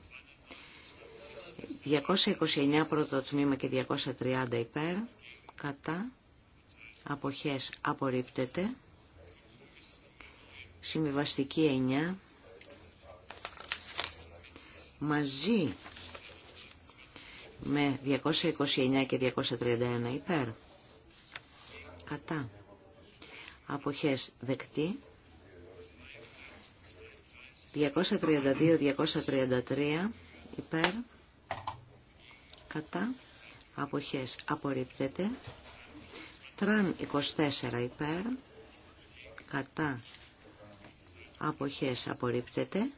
229 πρώτο τμήμα και 230 υπέρ κατά αποχές απορρίπτεται. Συμβιβαστική 9 μαζί με 229 και 231 υπέρ. Κατά αποχές δεκτή 232-233 υπέρ κατά αποχές απορρίπτεται τραν 24 υπέρ κατά αποχές απορρίπτεται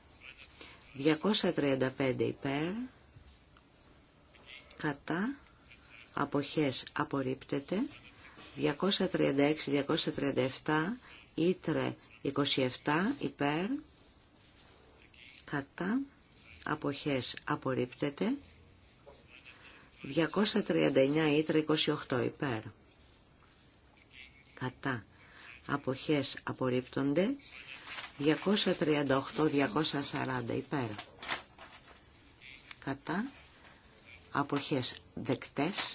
235 υπέρ κατά αποχές απορρίπτεται 236-237 Ήτρε 27 υπέρ κατά αποχές απορρίπτεται 239 Ήτρε 28 υπέρ κατά αποχές απορρίπτονται 238-240 υπέρ κατά αποχές δεκτές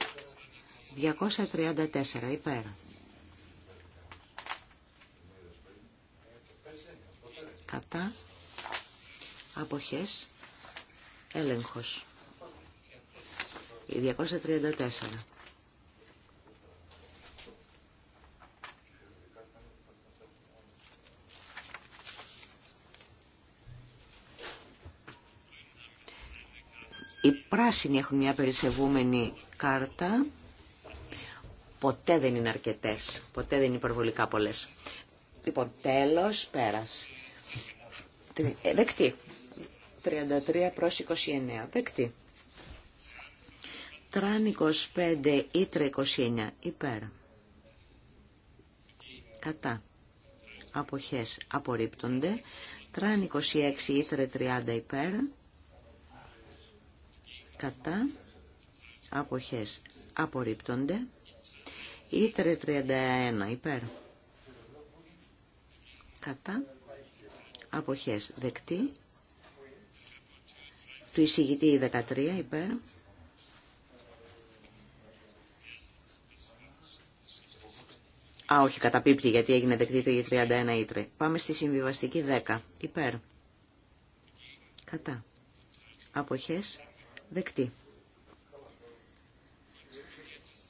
234 υπέρ. Κατά αποχές έλεγχος. Η 234. Η πράσινη έχουν μια περισεβούμενη κάρτα ποτέ δεν είναι αρκετέ, ποτέ δεν είναι υπερβολικά πολλέ. Λοιπόν, τέλο πέρα Ε, δεκτή. 33 προς 29. Δεκτή. Τραν 25 ή 29. Υπέρ. Κατά. Αποχές απορρίπτονται. Τραν 26 ή 30 υπέρ. Κατά. Αποχές απορρίπτονται. Ήτρε 31 υπέρ. Κατά. Αποχές δεκτή. Του εισηγητή 13 υπέρ. Α, όχι, καταπίπτει γιατί έγινε δεκτή το 31 ήτρε. Πάμε στη συμβιβαστική 10. Υπέρ. Κατά. Αποχές. Δεκτή.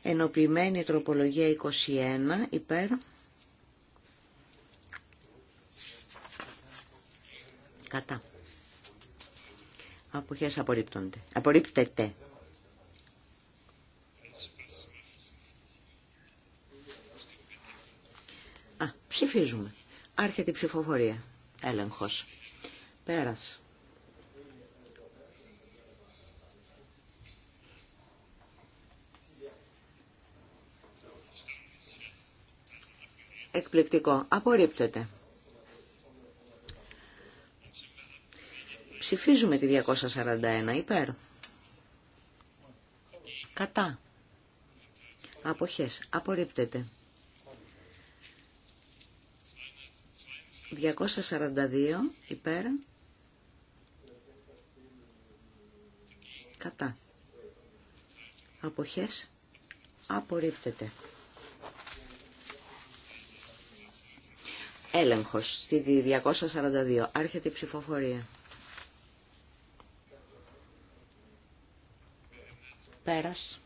Ενοποιημένη τροπολογία 21 υπέρ. Κατά. Αποχές απορρίπτονται. Απορρίπτεται. Α, ψηφίζουμε. Άρχεται η ψηφοφορία. Έλεγχος. Πέρας. Εκπληκτικό. Απορρίπτεται. Ψηφίζουμε τη 241 υπέρ. Κατά. Αποχές. Απορρίπτεται. 242 υπέρ. Κατά. Αποχές. Απορρίπτεται. Έλεγχος στη 242. Άρχεται η ψηφοφορία. Πέρας.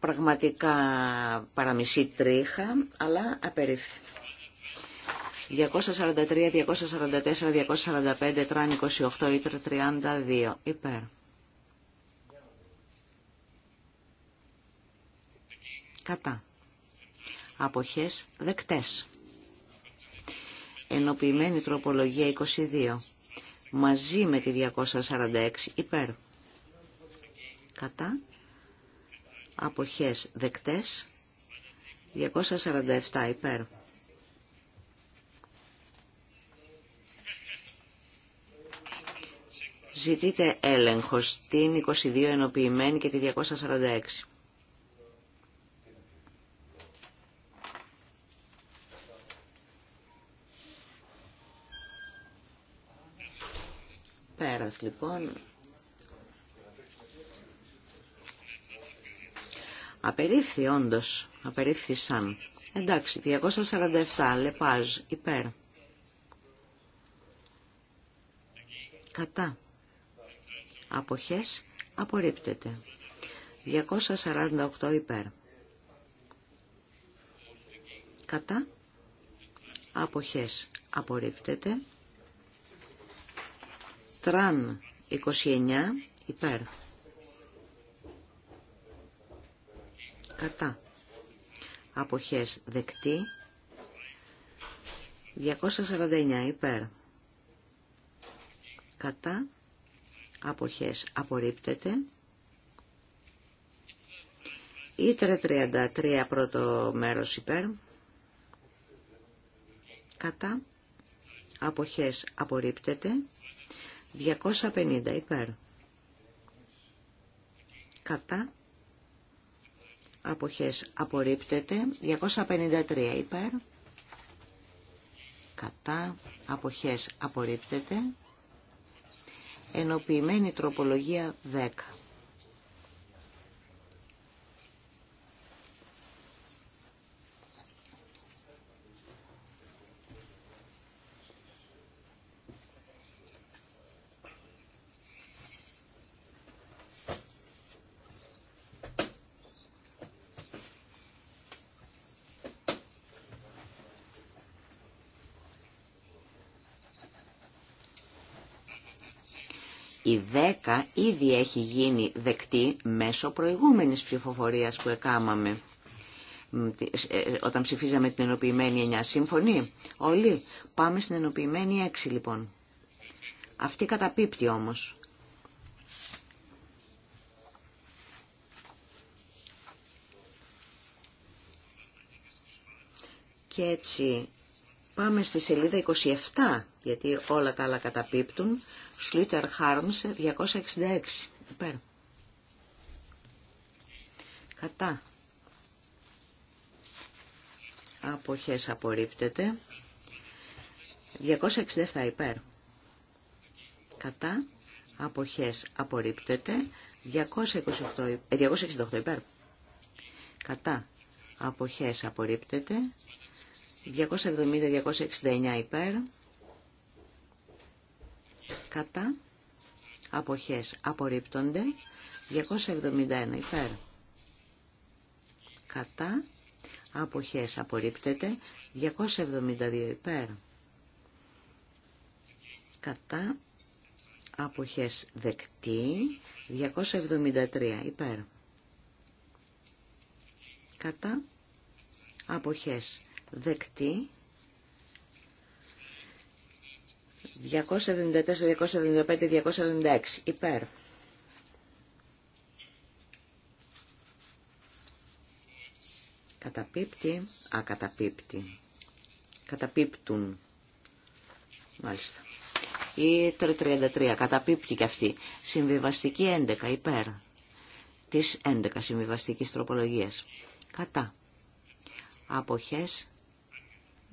Πραγματικά παραμισή τρίχα, αλλά απερίφθη. 243, 244, 245, τράν 28, ήτρα 32. Υπέρ. κατά. Αποχές δεκτές. Ενοποιημένη τροπολογία 22. Μαζί με τη 246 υπέρ. Κατά. Αποχές δεκτές. 247 υπέρ. Ζητείτε έλεγχο στην 22 ενοποιημένη και τη 246. Πέρας λοιπόν. Απερίφθη όντως, απερίφθησαν. Εντάξει, 247, λεπάζ, υπέρ. Κατά. Αποχές, απορρίπτεται. 248 υπέρ. Κατά. Αποχές, απορρίπτεται. Τραν 29 υπέρ. Κατά. Αποχές δεκτή. 249 υπέρ. Κατά. Αποχές απορρίπτεται. Ήτρε 33 πρώτο μέρος υπέρ. Κατά. Αποχές απορρίπτεται. 250 υπέρ. Κατά. Αποχές απορρίπτεται. 253 υπέρ. Κατά. Αποχές απορρίπτεται. Ενοποιημένη τροπολογία 10 Η 10 ήδη έχει γίνει δεκτή μέσω προηγούμενης ψηφοφορίας που εκάμαμε ε, όταν ψηφίζαμε την ενοποιημένη 9. Σύμφωνη. όλοι. Πάμε στην ενοποιημένη 6 λοιπόν. Αυτή καταπίπτει όμως. Και έτσι Πάμε στη σελίδα 27, γιατί όλα τα άλλα καταπίπτουν. Σλίτερ Χάρμς 266. Υπέρ. Κατά. Αποχές απορρίπτεται. 267 υπέρ. Κατά. Αποχές απορρίπτεται. 228, 268 ε, υπέρ. Κατά. Αποχές απορρίπτεται. 270-269 υπέρ. Κατά. Αποχές απορρίπτονται. 271 υπέρ. Κατά. Αποχές απορρίπτεται. 272 υπέρ. Κατά. Αποχές δεκτή. 273 υπέρ. Κατά. Αποχές δεκτή. 274, 275, 276 υπέρ. Καταπίπτει, α, Καταπίπτουν. Μάλιστα. Η 33, καταπίπτει και αυτή. Συμβιβαστική 11, υπέρ. Της 11 συμβιβαστικής τροπολογίας. Κατά. Αποχές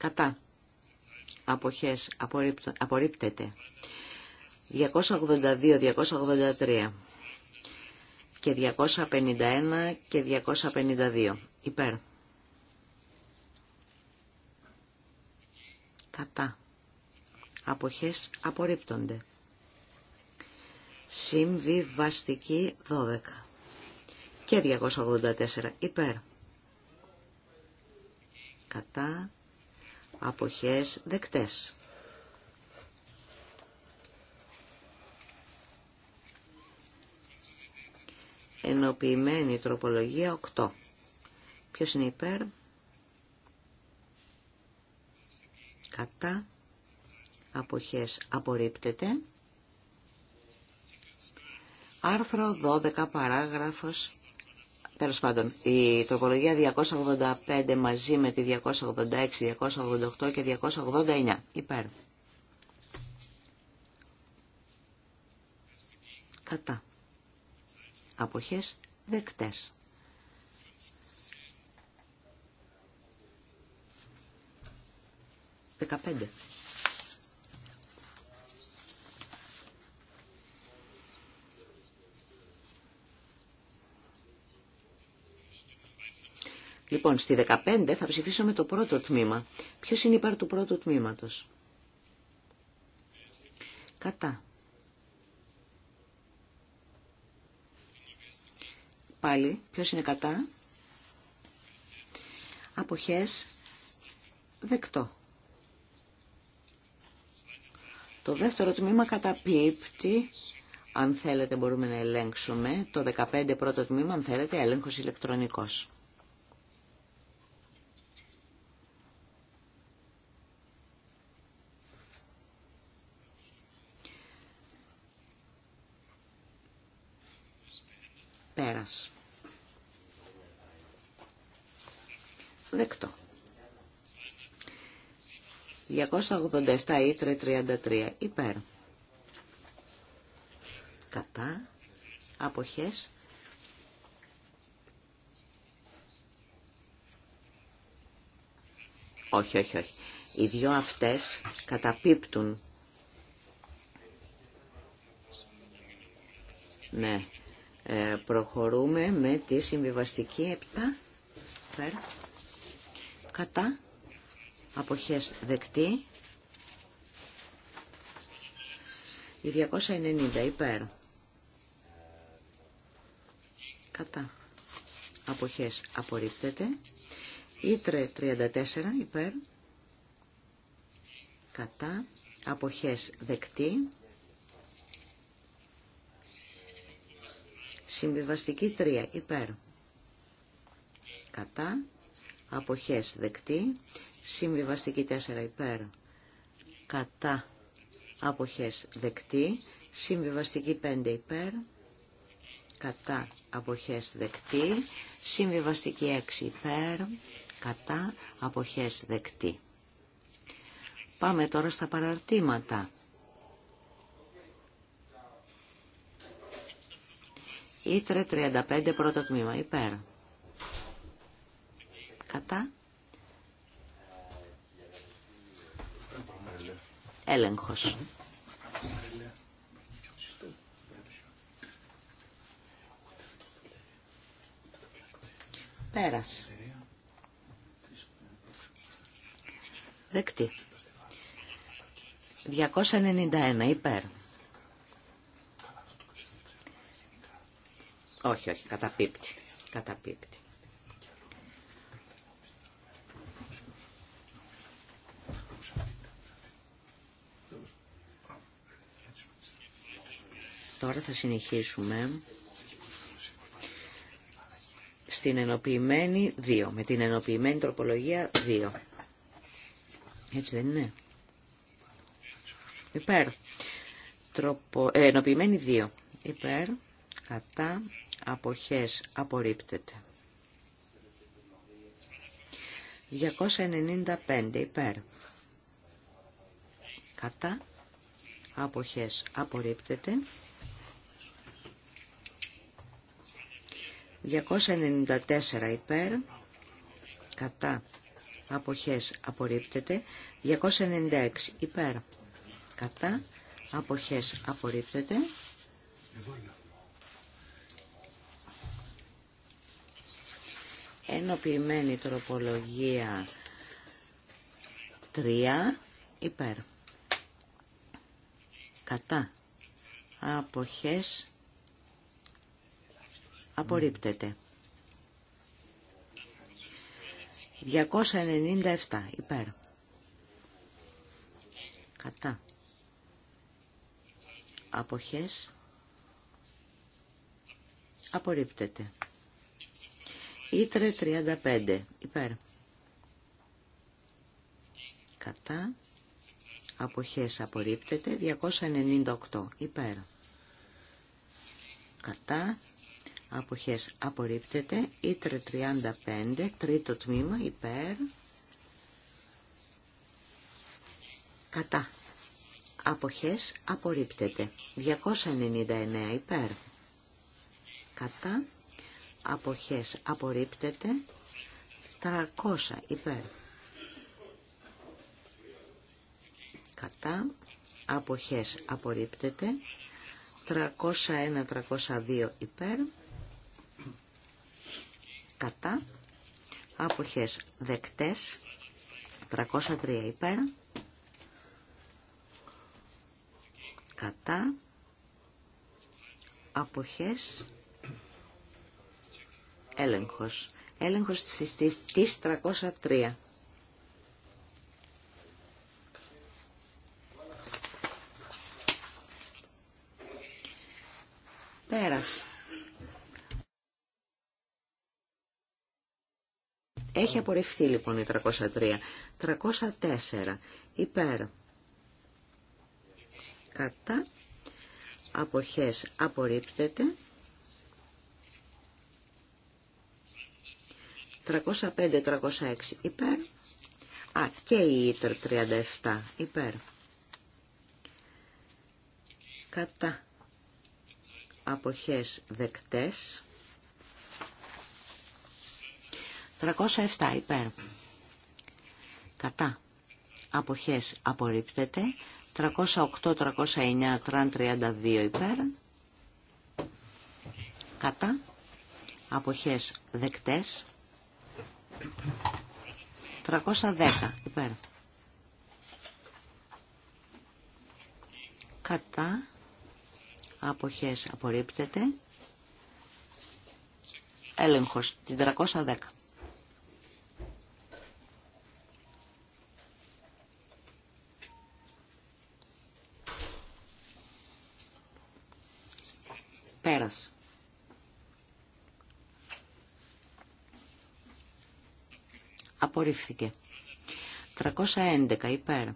κατά αποχές απορρίπτεται 282, 283 και 251 και 252 υπέρ κατά αποχές απορρίπτονται συμβιβαστική 12 και 284 υπέρ κατά αποχές δεκτές. Ενοποιημένη τροπολογία 8. Ποιος είναι υπέρ? Κατά. Αποχές απορρίπτεται. Άρθρο 12 παράγραφος Τέλο πάντων, η τροπολογία 285 μαζί με τη 286, 288 και 289. Υπέρ. Κατά. Αποχές δεκτές. Δεκαπέντε. Λοιπόν, στη 15 θα ψηφίσουμε το πρώτο τμήμα. Ποιο είναι υπέρ του πρώτου τμήματος. Κατά. Πάλι, ποιο είναι κατά. Αποχές. Δεκτό. Το δεύτερο τμήμα καταπίπτει. Αν θέλετε μπορούμε να ελέγξουμε. Το 15 πρώτο τμήμα, αν θέλετε, έλεγχος ηλεκτρονικός. Δεκτό. 287 ήτρε 33 υπέρ. Κατά. Αποχές. Όχι, όχι, όχι. Οι δυο αυτές καταπίπτουν. Ναι, ε, προχωρούμε με τη συμβιβαστική 7 κατά αποχές δεκτή η 290 υπέρ κατά αποχές απορρίπτεται Η 34 υπέρ κατά αποχές δεκτή Συμβιβαστική 3 υπέρ. Κατά. Αποχές δεκτή. Συμβιβαστική 4 υπέρ. Κατά. Αποχές δεκτή. Συμβιβαστική 5 υπέρ. Κατά. Αποχές δεκτή. Συμβιβαστική 6 υπέρ. Κατά. Αποχές δεκτή. Πάμε τώρα στα παραρτήματα. Ήτρε 35 πρώτο τμήμα. Υπέρ. Κατά. Έλεγχος. Πέρας. Δεκτή. 291 υπέρ. Όχι, όχι, καταπίπτει. Καταπίπτει. Τώρα θα συνεχίσουμε στην ενοποιημένη 2, με την ενοποιημένη τροπολογία 2. Έτσι δεν είναι. Υπέρ. Τροπο... Ε, ενοποιημένη 2. Υπέρ. Κατά αποχές απορρίπτεται. 295 υπέρ. Κατά αποχές απορρίπτεται. 294 υπέρ. Κατά αποχές απορρίπτεται. 296 υπέρ. Κατά αποχές απορρίπτεται. ενοποιημένη τροπολογία 3 υπέρ κατά αποχές απορρίπτεται 297 υπέρ κατά αποχές απορρίπτεται Ήτρε 35. Υπέρ. Κατά. Αποχές απορρίπτεται. 298. Υπέρ. Κατά. Αποχές απορρίπτεται. Ήτρε 35. Τρίτο τμήμα. Υπέρ. Κατά. Αποχές απορρίπτεται. 299 υπέρ. Κατά αποχές απορρίπτεται 300 υπέρ κατά αποχές απορρίπτεται 301-302 υπέρ κατά αποχές δεκτές 303 υπέρ κατά αποχές έλεγχος. Έλεγχος της, της 303. Πέρας. Έχει απορριφθεί λοιπόν η 303. 304. Υπέρ. Κατά. Αποχές απορρίπτεται. 305-306 υπέρ. Α, και η ΙΤΡ 37 υπέρ. Κατά αποχές δεκτές. 307 υπέρ. Κατά αποχές απορρίπτεται. 308-309 τραν 32 υπέρ. Κατά αποχές δεκτές. 310 υπέρα Κατά αποχές απορρίπτεται. Έλεγχος την 310. Πέρασε. Απορρίφθηκε. 311 υπέρ.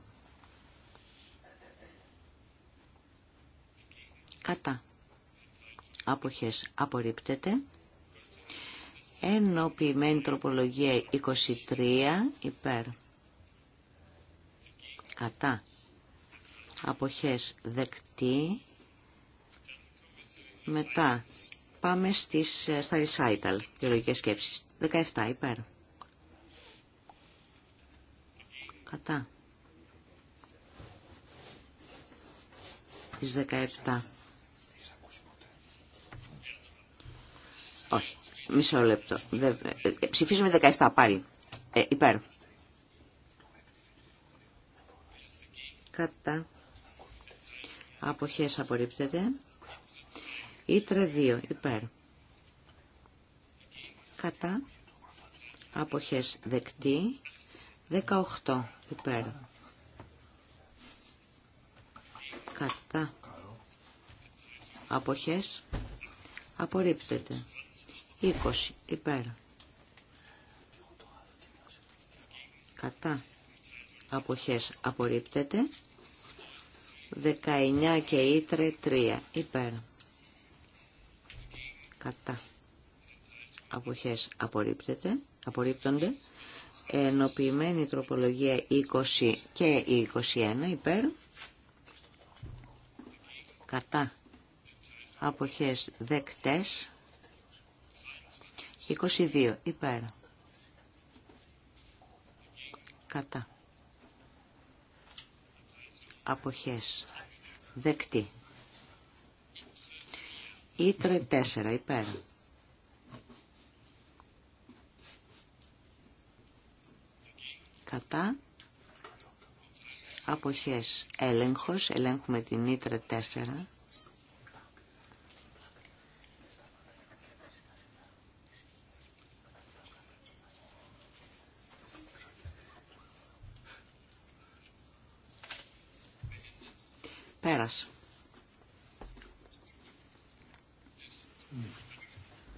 Κατά. Αποχές απορρίπτεται. Ενοποιημένη τροπολογία 23 υπέρ. Κατά. Αποχές δεκτή. Μετά πάμε στις, στα recital, τη 17 υπέρ. κατά τις 17. Όχι, μισό λεπτό. Ε, ε, ψηφίζουμε 17 πάλι. Ε, υπέρ. Κατά. Αποχές απορρίπτεται. Ήτρε 2, υπέρ. Κατά. Αποχές δεκτή. 18 υπέρ. Κατά. Αποχές. Απορρίπτεται. 20 υπέρ. Κατά. Αποχές. Απορρίπτεται. 19 και ήτρε 3 υπέρ. Κατά. Αποχές. Απορρίπτεται απορρίπτονται. Ενοποιημένη τροπολογία 20 και 21 υπέρ. Κατά αποχές δεκτές. 22 υπέρ. Κατά. Αποχές. Δεκτή. Ήτρε 4 υπέρ. κατά αποχές έλεγχος, ελέγχουμε την Ήτρα 4. Πέρασε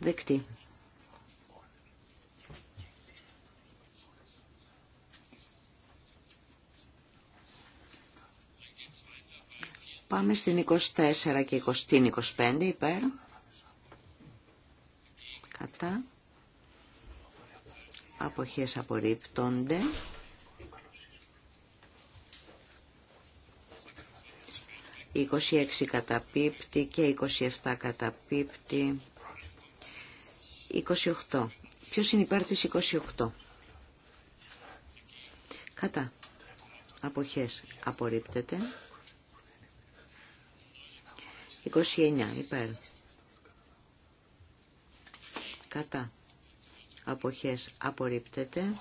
Δεκτή. Πάμε στην 24 και στην 25 υπέρ. Κατά. Αποχές απορρίπτονται. Η 26 καταπίπτει και 27 καταπίπτει. 28. Ποιος είναι υπέρ της 28. Κατά. Αποχές απορρίπτεται. 29 υπέρ. Κατά. Αποχέ απορρίπτεται.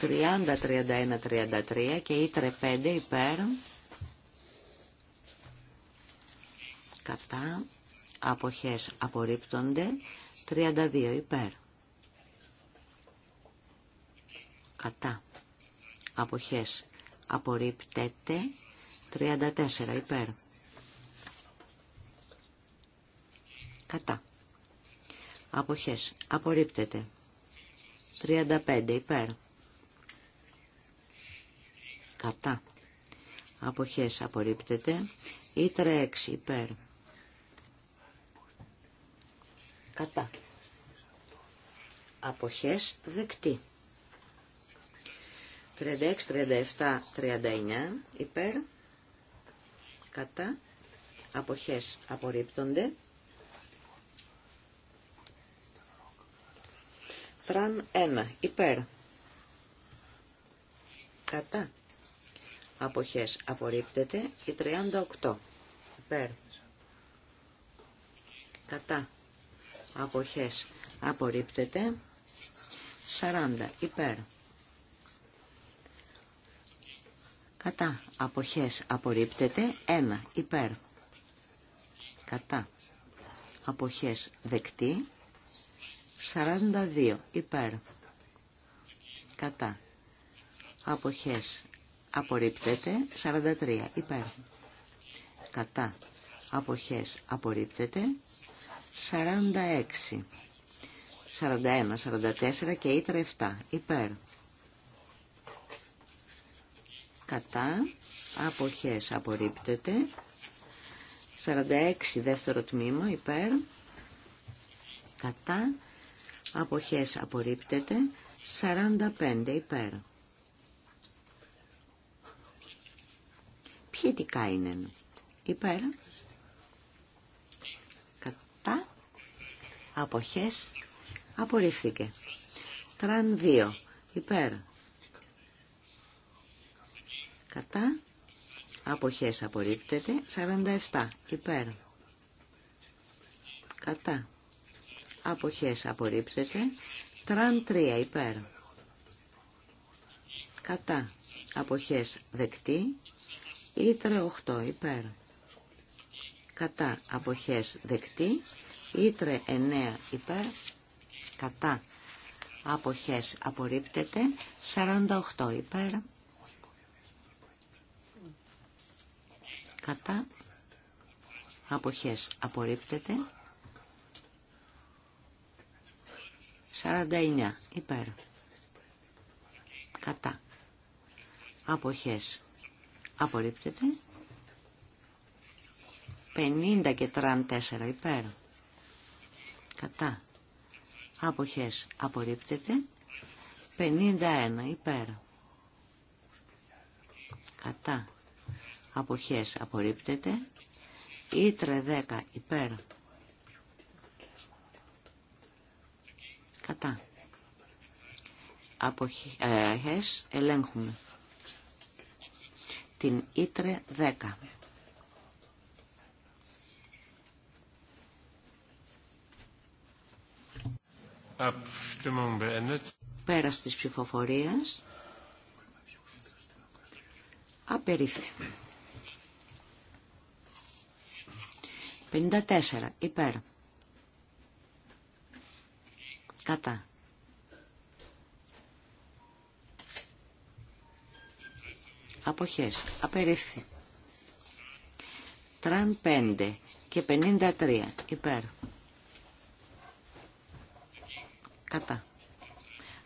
30, 31, 33 και ίτρε 5 υπέρ. Κατά. Αποχέ απορρίπτονται. 32 υπέρ. κατά αποχές απορρίπτεται 34 υπέρ κατά αποχές απορρίπτεται 35 υπέρ κατά αποχές απορρίπτεται ή 6 υπέρ κατά αποχές δεκτή 36, 37, 39 υπέρ κατά αποχές απορρίπτονται τραν 1 υπέρ κατά αποχές απορρίπτεται η 38 υπέρ κατά αποχές απορρίπτεται 40 υπέρ κατά αποχές απορρίπτεται 1 υπέρ κατά αποχές δεκτή 42 υπέρ κατά αποχές απορρίπτεται 43 υπέρ κατά αποχές απορρίπτεται 46 41, 44 και ήτρα 7 υπέρ κατά, αποχές απορρίπτεται, 46 δεύτερο τμήμα υπέρ, κατά, αποχές απορρίπτεται, 45 υπέρ. Ποιητικά είναι υπέρ, κατά, αποχές απορρίφθηκε. Τραν 2 υπέρ κατά αποχές απορρίπτεται 47 υπέρ κατά αποχές απορρίπτεται τραν 3 υπέρ κατά αποχές δεκτή ήτρε 8 υπέρ κατά αποχές δεκτή ήτρε 9 υπέρ κατά αποχές απορρίπτεται 48 υπέρ κατά αποχές απορρίπτεται 49 υπέρ κατά αποχές απορρίπτεται 50 και 34 υπέρ κατά αποχές απορρίπτεται 51 υπέρ κατά αποχές απορρίπτεται. Ήτρε 10 υπέρ. Κατά. Αποχές ε, ελέγχουμε. Την Ήτρε 10. Πέρας της ψηφοφορίας απερίφθη. 54 υπέρ. Κατά. Αποχές. Απερίφθη. Τραν 5 και 53 υπέρ. Κατά.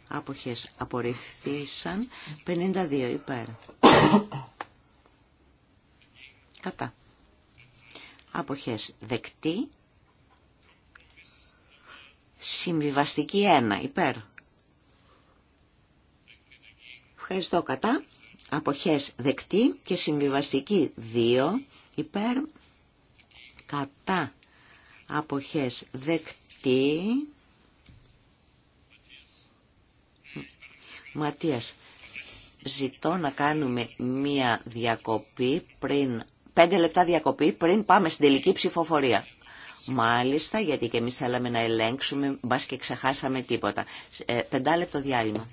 Αποχές απορριφθήσαν 52 υπέρ. Κατά αποχές δεκτή. Συμβιβαστική 1 υπέρ. Ευχαριστώ κατά. Αποχές δεκτή και συμβιβαστική 2 υπέρ. Κατά. Αποχές δεκτή. Ματίας, ζητώ να κάνουμε μία διακοπή πριν πέντε λεπτά διακοπή πριν πάμε στην τελική ψηφοφορία. Μάλιστα, γιατί και εμείς θέλαμε να ελέγξουμε, μπας και ξεχάσαμε τίποτα. Ε, πεντάλεπτο διάλειμμα.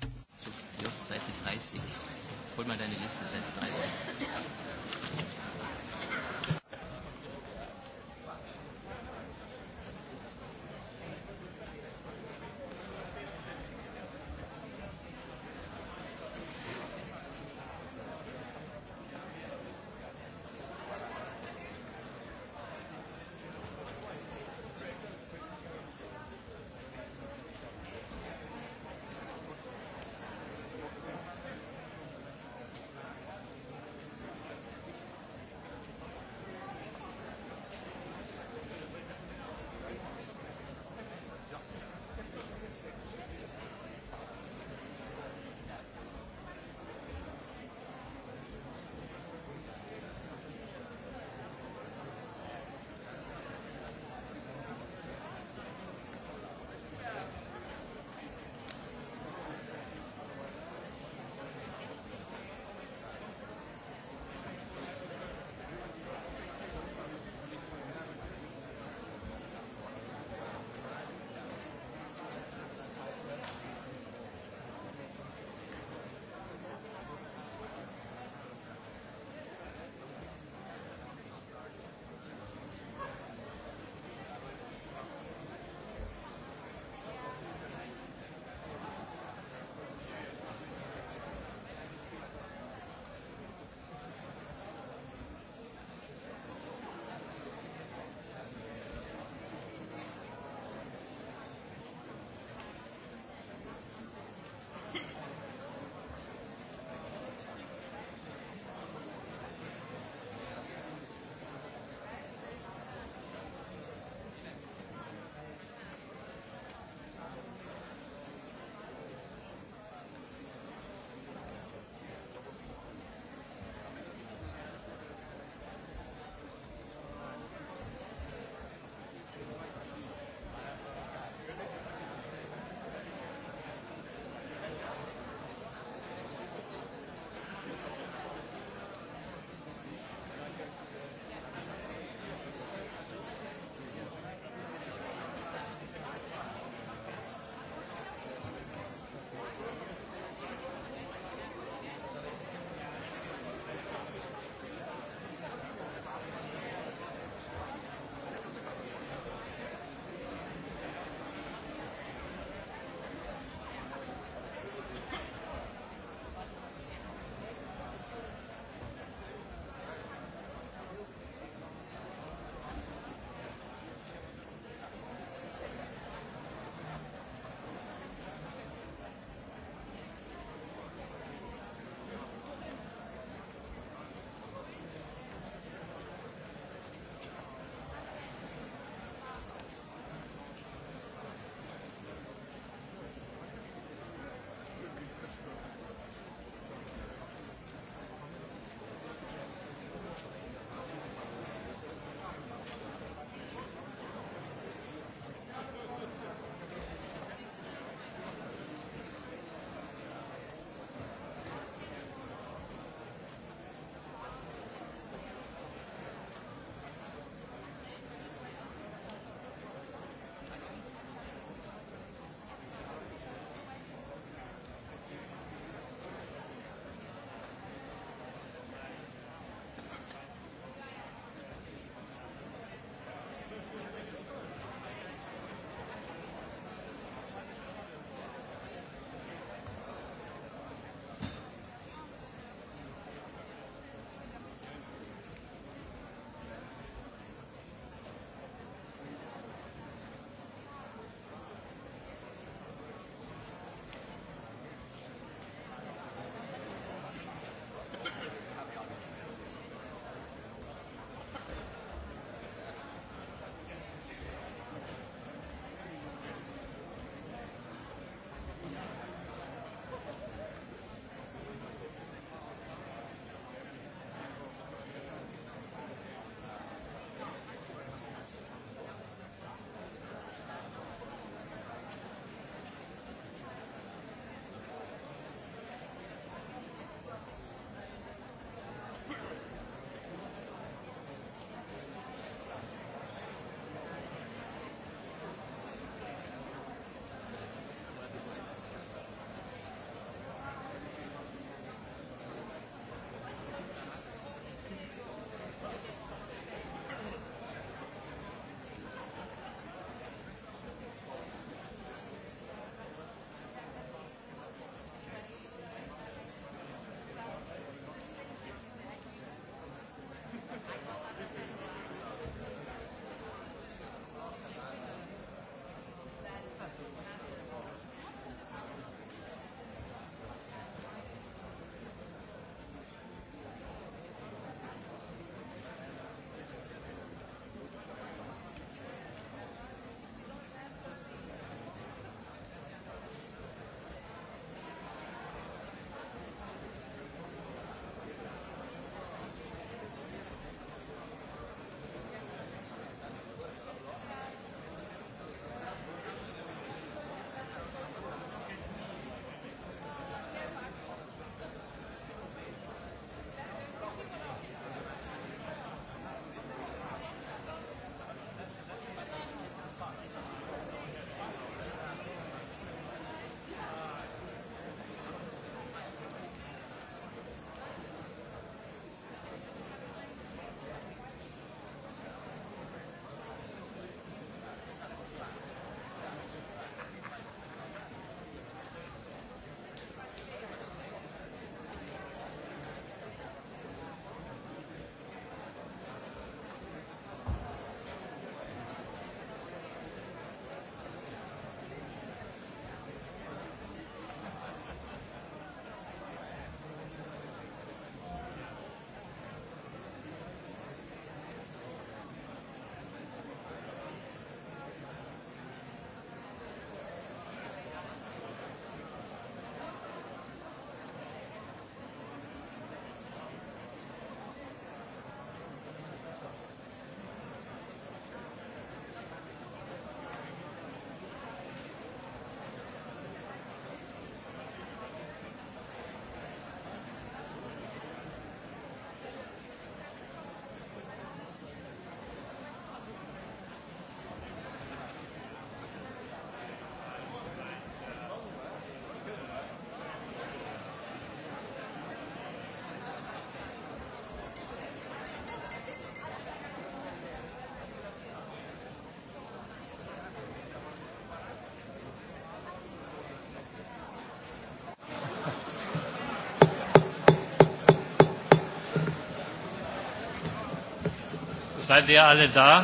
Seid ihr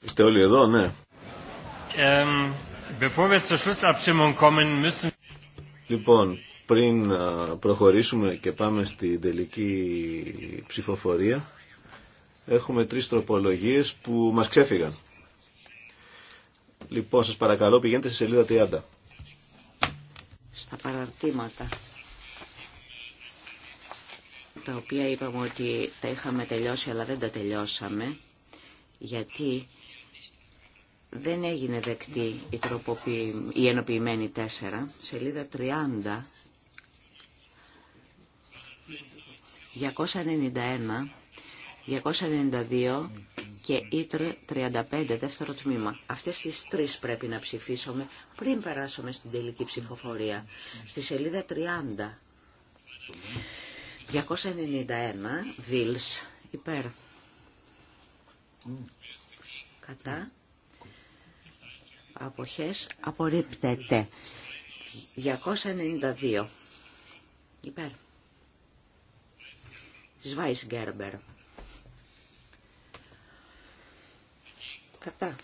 Είστε όλοι εδώ, ναι. Ähm, λοιπόν, πριν προχωρήσουμε και πάμε στη τελική ψηφοφορία, έχουμε τρεις τροπολογίες που μας ξέφυγαν. Λοιπόν, σας παρακαλώ, πηγαίνετε στη σελίδα
30. Στα παραρτήματα τα οποία είπαμε ότι τα είχαμε τελειώσει αλλά δεν τα τελειώσαμε γιατί δεν έγινε δεκτή η, ενοποιημένη τέσσερα σελίδα 30, 291, 292 και ήτρε 35, δεύτερο τμήμα. Αυτές τις τρεις πρέπει να ψηφίσουμε πριν περάσουμε στην τελική ψηφοφορία. Στη σελίδα 30. 291 Βίλς υπέρ κατά αποχές απορρίπτεται 292 υπέρ Σβάις Γκέρμπερ κατά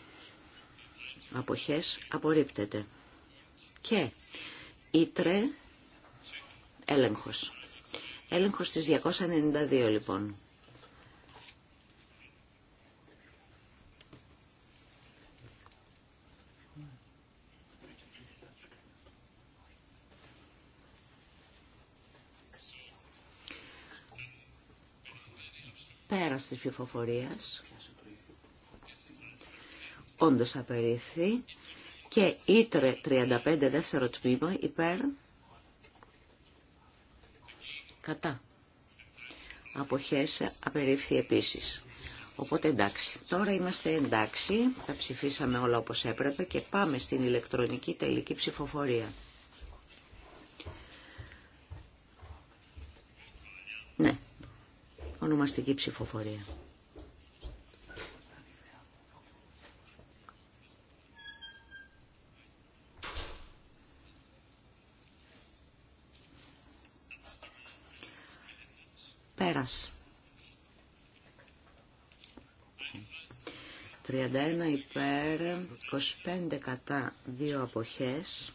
αποχές απορρίπτεται και ήτρε έλεγχος Έλεγχος στις 292 λοιπόν. Πέρας της ψηφοφορίας, όντως απερίφθη, και ήτρε 35 δεύτερο τμήμα υπέρ Κατά. Αποχές απερίφθη επίσης. Οπότε εντάξει. Τώρα είμαστε εντάξει. Τα ψηφίσαμε όλα όπως έπρεπε και πάμε στην ηλεκτρονική τελική ψηφοφορία. Ναι. Ονομαστική ψηφοφορία. 31 υπέρ, 25 κατά, 2 αποχές.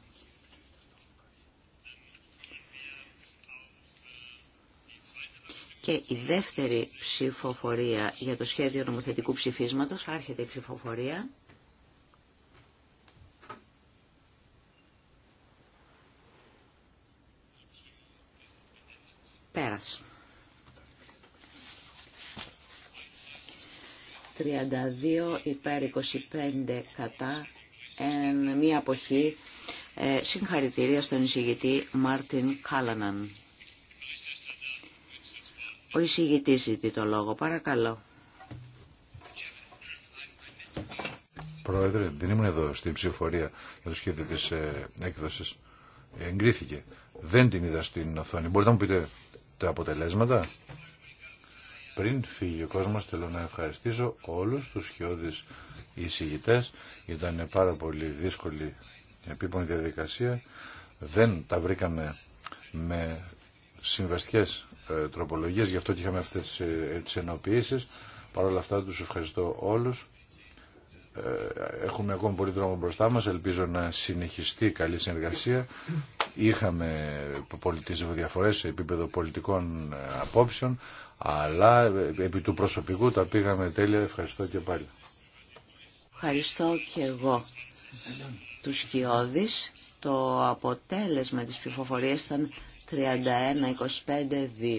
Και η δεύτερη ψηφοφορία για το σχέδιο νομοθετικού ψηφίσματος, άρχεται η ψηφοφορία. Πέρασε. 32 υπέρ 25 κατά μία αποχή ε, συγχαρητήρια στον εισηγητή Μάρτιν Κάλαναν. Ο εισηγητής ζητεί το λόγο. Παρακαλώ.
Πρόεδρε, δεν ήμουν εδώ στην ψηφορία για το σχέδιο της ε, έκδοσης. Εγκρίθηκε. Δεν την είδα στην οθόνη. Μπορείτε να μου πείτε τα αποτελέσματα. Πριν φύγει ο κόσμος θέλω να ευχαριστήσω όλους τους χιώδεις εισηγητές. Ήταν πάρα πολύ δύσκολη επίπονη διαδικασία. Δεν τα βρήκαμε με συμβαστικές ε, τροπολογίες, γι' αυτό και είχαμε αυτές τις, ε, ενοποιήσεις. Παρ' όλα αυτά τους ευχαριστώ όλους. Ε, έχουμε ακόμα πολύ δρόμο μπροστά μας, ελπίζω να συνεχιστεί καλή συνεργασία Είχαμε πολιτικές διαφορές σε επίπεδο πολιτικών ε, απόψεων, αλλά ε, επί του προσωπικού τα πήγαμε τέλεια. Ευχαριστώ και πάλι.
Ευχαριστώ και εγώ του Κιώδης. Το αποτέλεσμα της ψηφοφορίας ήταν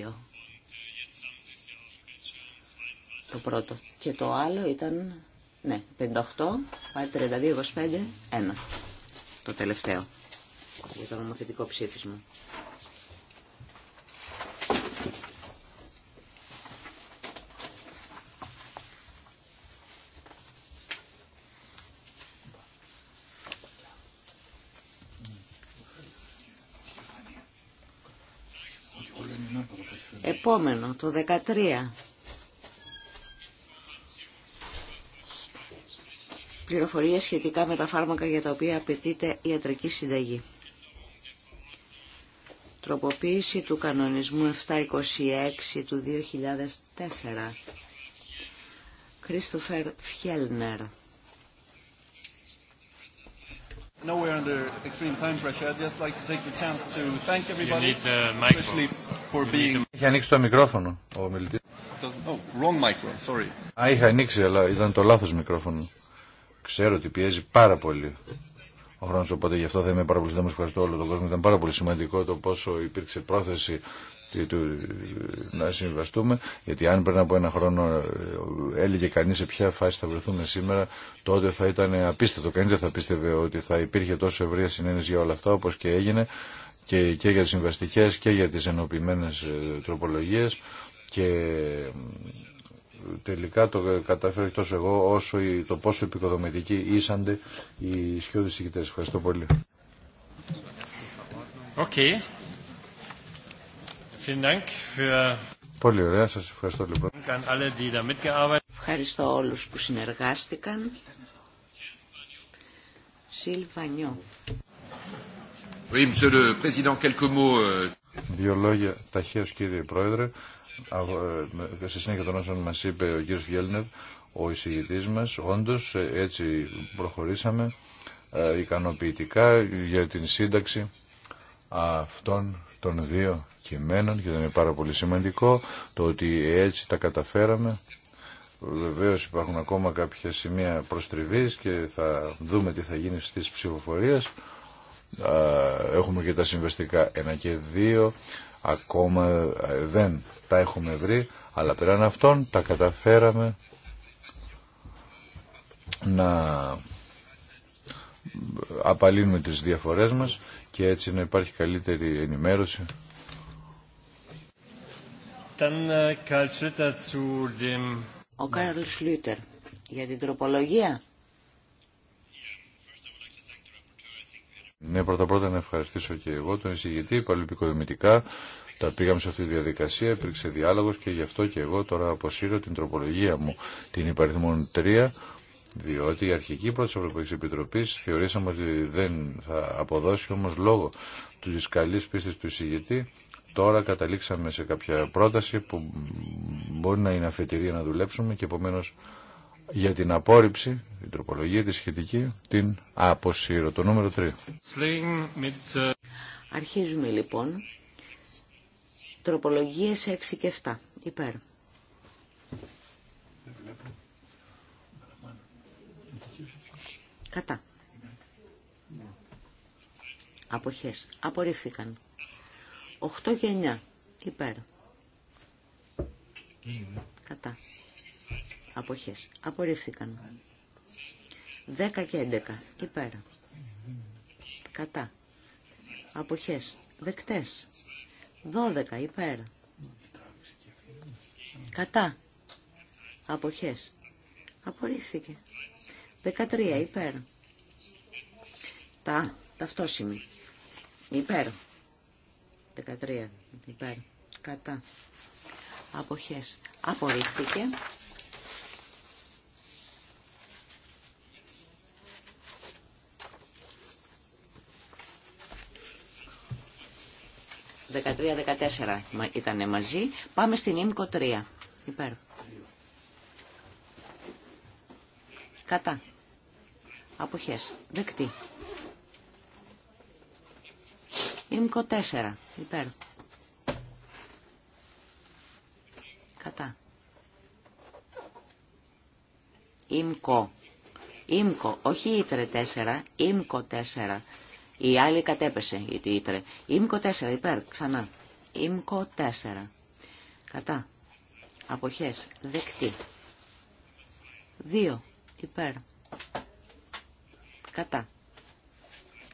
31-25-2. Το πρώτο. Και το άλλο ήταν, ναι, 58, πάει 32-25-1. Το τελευταίο για το νομοθετικό ψήφισμα. Επόμενο, το 13. πληροφορίες σχετικά με τα φάρμακα για τα οποία απαιτείται ιατρική συνταγή τροποποίηση του κανονισμού 726 του 2004. Κρίστοφερ Φιέλνερ.
No,
Είχε ανοίξει το μικρόφωνο ο μιλητής.
Oh,
Α, είχα ανοίξει, αλλά ήταν το λάθος μικρόφωνο. Ξέρω ότι πιέζει πάρα πολύ ο χρόνο. Οπότε γι' αυτό θα είμαι πάρα πολύ σύντομο. Ευχαριστώ όλο τον κόσμο. Ήταν πάρα πολύ σημαντικό το πόσο υπήρξε πρόθεση του, να συμβαστούμε, γιατί αν πριν από ένα χρόνο ε, έλεγε κανεί σε ποια φάση θα βρεθούμε σήμερα, τότε θα ήταν απίστευτο. Κανεί δεν θα πίστευε ότι θα υπήρχε τόσο ευρεία συνένεση για όλα αυτά όπω και έγινε και, για τι συμβαστικέ και για τι ενοποιημένε τροπολογίε. Και τελικά το καταφέρω τόσο εγώ όσο το πόσο επικοδομητικοί ήσαντε οι σκιώδεις συγκητές. Ευχαριστώ πολύ. Okay.
Dank für...
Πολύ ωραία, σας ευχαριστώ λοιπόν.
Ευχαριστώ όλους που συνεργάστηκαν. Σιλβανιό.
Oui, Monsieur le Président, quelques mots. Euh. Δύο λόγια ταχαίως κύριε Πρόεδρε. Ε, σε συνέχεια των όσων μας είπε ο κύριος Γέλνερ, ο εισηγητής μας, όντως ε, έτσι προχωρήσαμε ε, ικανοποιητικά για την σύνταξη αυτών των δύο κειμένων και είναι πάρα πολύ σημαντικό το ότι έτσι τα καταφέραμε. Βεβαίω υπάρχουν ακόμα κάποια σημεία προστριβής και θα δούμε τι θα γίνει στις ψηφοφορίες. Έχουμε και τα συμβεστικά ένα και δύο Ακόμα ε, δεν τα έχουμε βρει, αλλά πέραν αυτών τα καταφέραμε να απαλύνουμε τις διαφορές μας και έτσι να υπάρχει καλύτερη ενημέρωση.
Ε, Ο Κάρλ
Σλούτερ για την τροπολογία.
Ναι, πρώτα πρώτα να ευχαριστήσω και εγώ τον εισηγητή, παλιοικοδομητικά. Τα πήγαμε σε αυτή τη διαδικασία, υπήρξε διάλογο και γι' αυτό και εγώ τώρα αποσύρω την τροπολογία μου, την υπαριθμόν 3, διότι η αρχική πρώτη Ευρωπαϊκή Επιτροπή θεωρήσαμε ότι δεν θα αποδώσει όμω λόγω τη καλή πίστη του εισηγητή. Τώρα καταλήξαμε σε κάποια πρόταση που μπορεί να είναι αφετηρία να δουλέψουμε και επομένω για την απόρριψη, την τροπολογία, τη σχετική, την αποσύρω. Το νούμερο 3.
Uh, Αρχίζουμε λοιπόν. Τροπολογίες 6 και 7. Υπέρ. Κατά. Αποχές. Απορρίφθηκαν. 8 και 9. Υπέρ. Κατά αποχές. Απορρίφθηκαν. 10 και 11 υπέρ. Κατά. Αποχές. Δεκτές. 12 υπέρ. Κατά. Αποχές. Απορρίφθηκε. 13 υπέρ. Τα, ταυτόσημη. Υπέρ. 13 υπέρ. Κατά. Αποχές. Απορρίφθηκε. 13-14 ήταν μαζί. Πάμε στην ΙΜΚΟ 3. Υπέρ. Κατά. Αποχές. Δεκτή. ΙΜΚΟ 4. Υπέρ. Κατά. ΙΜΚΟ. ΙΜΚΟ. Όχι ΙΤΡΕ 4. ΙΜΚΟ 4. Η άλλη κατέπεσε, γιατί ήτρε. Ήμκο 4, υπέρ, ξανά. Ήμκο 4. Κατά. Αποχές. Δεκτή. 2. Υπέρ. Κατά.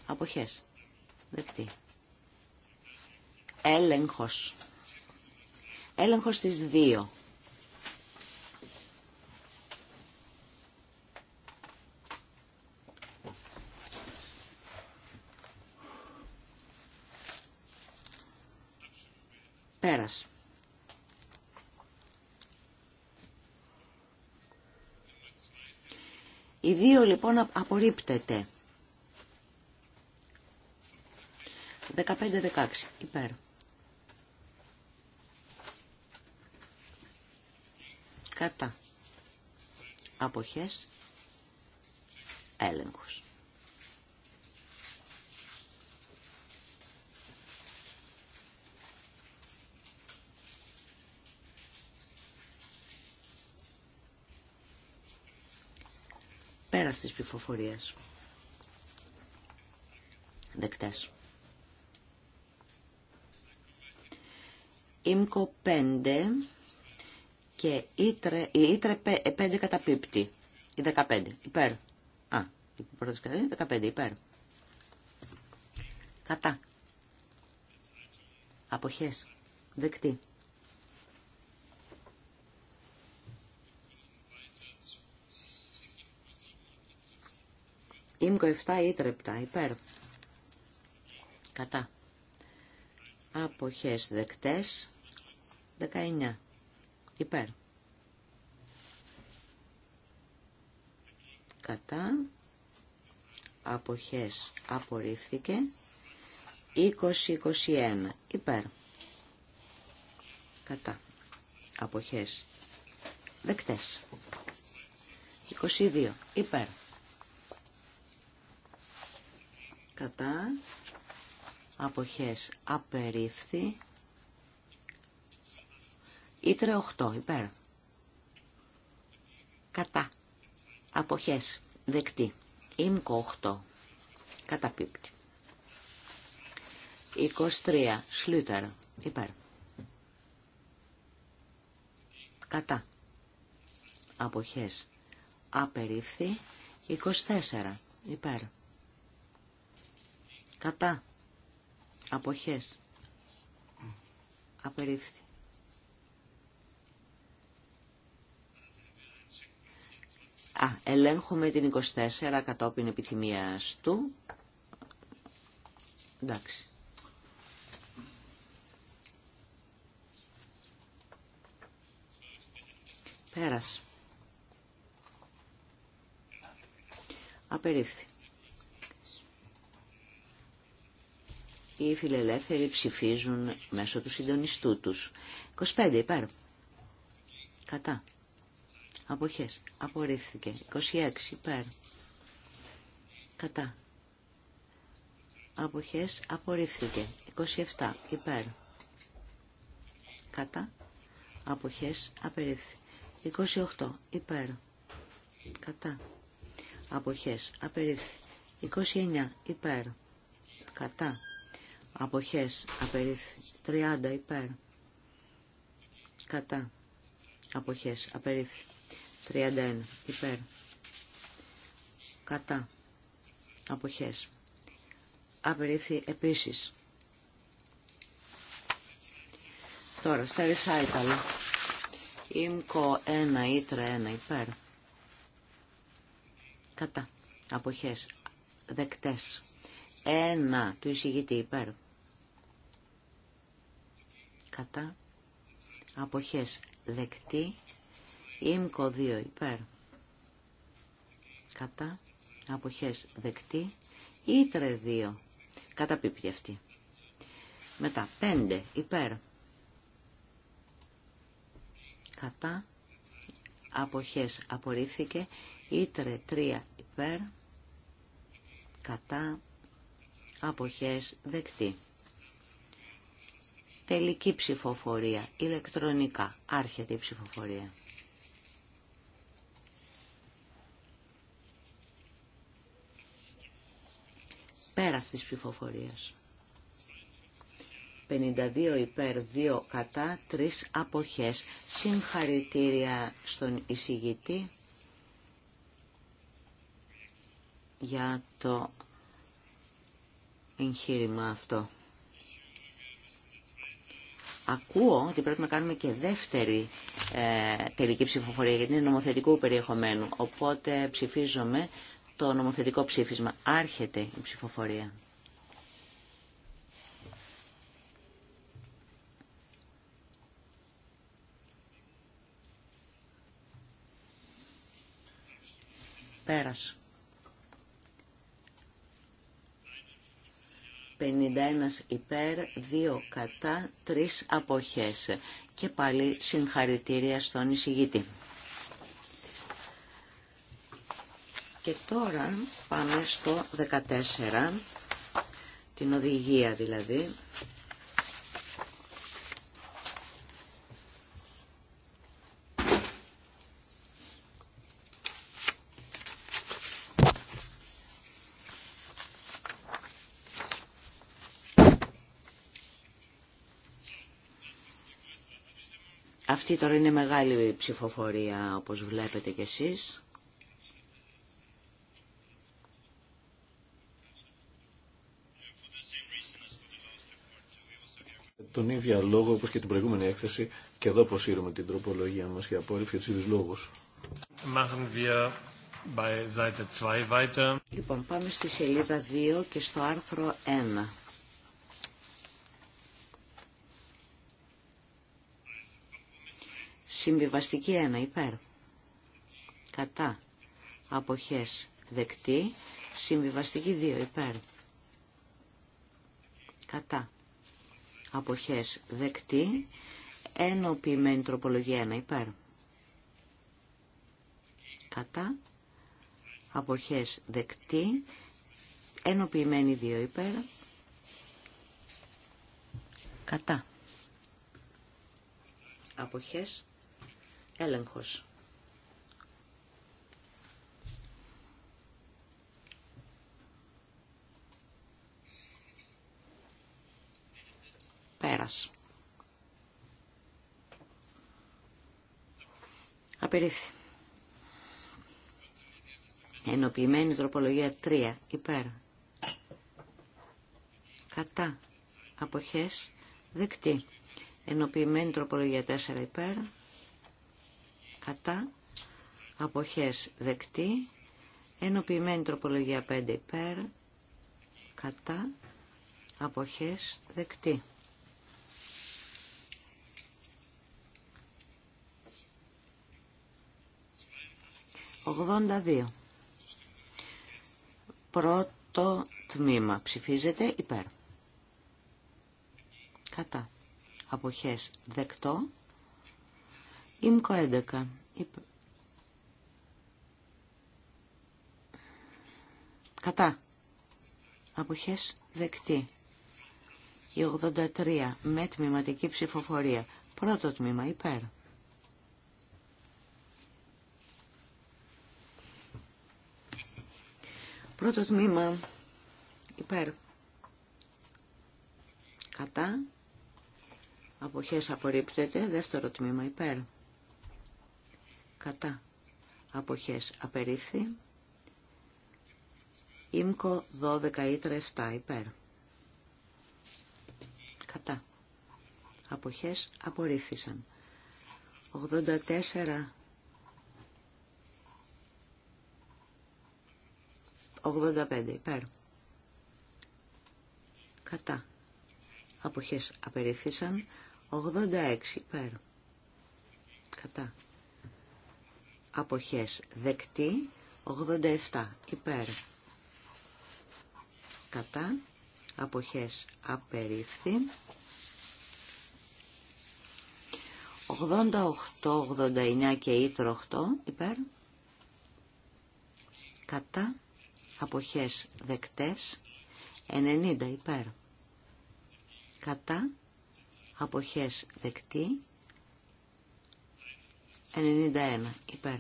Αποχές. Δεκτή. Έλεγχος. Έλεγχος στις 2. Πέρας. Οι δύο λοιπόν απορρίπτεται. 15-16 υπέρ. Κατά. Αποχές. Έλεγχος. Πέρας της ψηφοφορίας. Δεκτές. Ήμκο 5 και Ήτρε, η Ήτρε 5 ε, καταπίπτει. Η 15 υπέρ. Α, η πρώτη καταπίπτει 15 υπέρ. Κατά. Αποχές. Δεκτή. Ήμκο 7 ή τρεπτά, υπέρ. Κατά. Αποχές δεκτές 19 υπέρ. Κατά. Αποχές απορρίφθηκε 20-21 υπέρ. Κατά. Αποχές δεκτές. 22 υπέρ. κατά αποχές απερίφθη ήτρε 8 υπέρ κατά αποχές δεκτή ΙΜΚΟ 8 καταπίπτει 23 σλούτερ υπέρ κατά αποχές απερίφθη 24 υπέρ Κατά. Αποχές. Απερίφθη. Α, ελέγχουμε την 24 κατόπιν επιθυμίας του. Εντάξει. Πέρασε. Απερίφθη. Οι φιλελεύθεροι ψηφίζουν μέσω του συντονιστού τους. 25 υπέρ. Κατά. Αποχές. Απορρίφθηκε. 26 υπέρ. Κατά. Αποχές. Απορρίφθηκε. 27 υπέρ. Κατά. Αποχές. Απερίφθη. 28 υπέρ. Κατά. Αποχές. Απερίφθη. 29 υπέρ. Κατά. Αποχές. Απερίφθη. 30 υπέρ. Κατά. Αποχές. Απερίφθη. 31 υπέρ. Κατά. Αποχές. Απερίφθη επίσης. Τώρα, στα recital. Ήμκο 1, ήτρα 1, υπέρ. Κατά. Αποχές. Δεκτές. Ένα του εισηγητή υπέρ κατά αποχές δεκτή ΙΜΚΟ 2 υπέρ κατά αποχές δεκτή ΙΤΡΕ 2 κατά πίπτη αυτή μετά 5 υπέρ κατά αποχές απορρίφθηκε ΙΤΡΕ 3 υπέρ κατά αποχές δεκτή Τελική ψηφοφορία. Ηλεκτρονικά. Άρχεται η ψηφοφορία. Πέρας της ψηφοφορίας. 52 υπέρ 2 κατά 3 αποχές. Συγχαρητήρια στον εισηγητή για το εγχείρημα αυτό. Ακούω ότι πρέπει να κάνουμε και δεύτερη ε, τελική ψηφοφορία γιατί είναι νομοθετικού περιεχομένου. Οπότε ψηφίζομαι το νομοθετικό ψήφισμα. Άρχεται η ψηφοφορία. Πέρασε. 51 υπέρ, 2 κατά, 3 αποχές. Και πάλι συγχαρητήρια στον εισηγητή. Και τώρα πάμε στο 14, την οδηγία δηλαδή, Αυτή τώρα είναι μεγάλη ψηφοφορία όπως βλέπετε κι
εσείς. Τον ίδιο λόγο όπως και την προηγούμενη έκθεση και εδώ αποσύρουμε την τροπολογία μας για απόρριψη για τους ίδιους λόγους. Λοιπόν, πάμε στη σελίδα 2
και στο άρθρο 1. Συμβιβαστική ένα υπέρ. Κατά. Αποχές δεκτή. Συμβιβαστική δύο υπέρ. Κατά. Αποχές δεκτή. Ενοποιημένη τροπολογία ένα υπέρ. Κατά. Αποχές δεκτή. Ενοποιημένη δύο υπέρ. Κατά. Αποχές Έλεγχος. Πέρας. Απερίφθη. Ενοποιημένη τροπολογία 3. Υπέρ. Κατά. Αποχές. Δεκτή. Ενοποιημένη τροπολογία 4. Υπέρ κατά αποχές δεκτή ενοποιημένη τροπολογία 5 υπέρ κατά αποχές δεκτή 82. Πρώτο τμήμα ψηφίζεται υπέρ. Κατά. Αποχές δεκτό. Ήμκο 11. Κατά. Αποχές δεκτή. Η 83 με τμηματική ψηφοφορία. Πρώτο τμήμα υπέρ. Πρώτο τμήμα υπέρ. Κατά. Αποχές απορρίπτεται. Δεύτερο τμήμα υπέρ κατά αποχές απερίφθη. Ήμκο 12 ήτρα 7 υπέρ. Κατά. Αποχές απορρίφθησαν. 84 85 υπέρ. Κατά. Αποχές απερίφθησαν. 86 υπέρ. Κατά αποχές δεκτή 87 υπέρ κατά αποχές απερίφθη 88, 89 και ήτρο 8 υπέρ κατά αποχές δεκτές 90 υπέρ κατά αποχές δεκτή 91 υπέρ.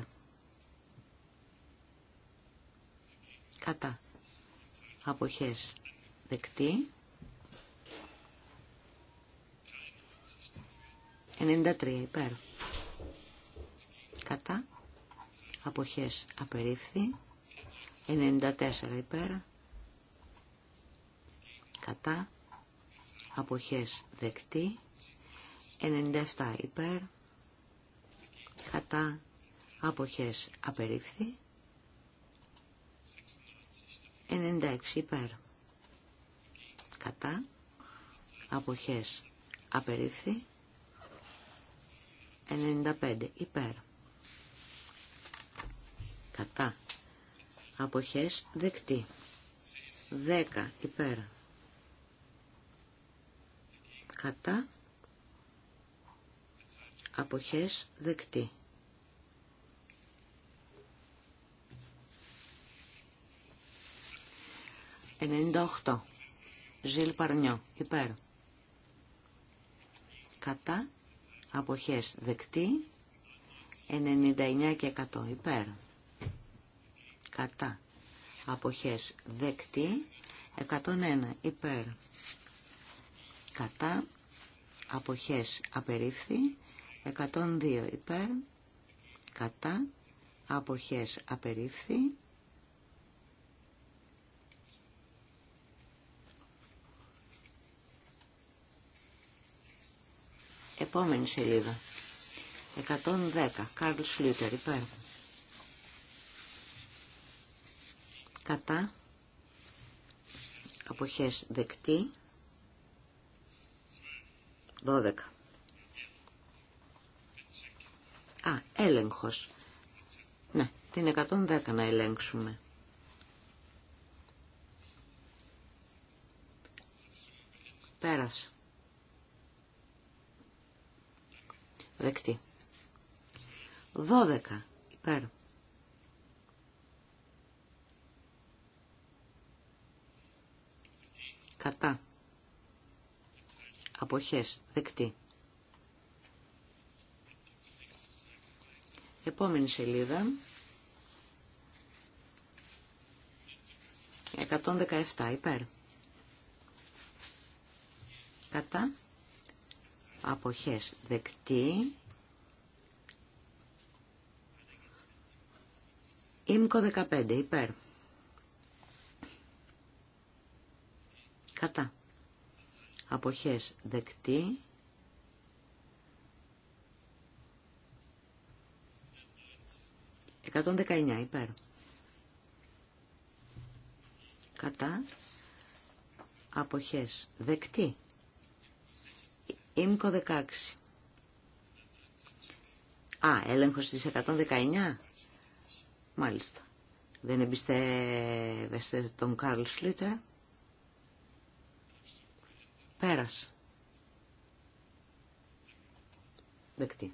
Κατά. Αποχές δεκτή. 93 υπέρ. Κατά. Αποχές απερίφθη. 94 υπέρ. Κατά. Αποχές δεκτή. 97 υπέρ κατά αποχές απερίφθη 96 υπέρ κατά αποχές απερίφθη 95 υπέρ κατά αποχές δεκτή 10 υπέρ κατά αποχές δεκτή. «98. Ζήλ Παρνιό. Υπέρ. Κατά. Αποχές δεκτή. 99 και 100. Υπέρ. Κατά. Αποχές δεκτή. 101. Υπέρ. Κατά. Αποχές απερίφθη. 102 υπέρ, κατά, αποχές απερίφθη. Επόμενη σελίδα. 110. Κάρλ Σλούτερ υπέρ. Κατά. Αποχές δεκτή. 12. Α, έλεγχος. Ναι, την 110 να ελέγξουμε. Πέρας. Δεκτή. 12 υπέρ. Κατά. Αποχές. Δεκτή. Επόμενη σελίδα. 117 υπέρ. Κατά. Αποχές δεκτή. Ήμκο 15 υπέρ. Κατά. Αποχές δεκτή. 119 υπέρ. Κατά αποχές δεκτή. Ήμκο 16. Α, έλεγχος της 119. Μάλιστα. Δεν εμπιστεύεστε τον Κάρλ Σλίτερ. Πέρασε. Δεκτή.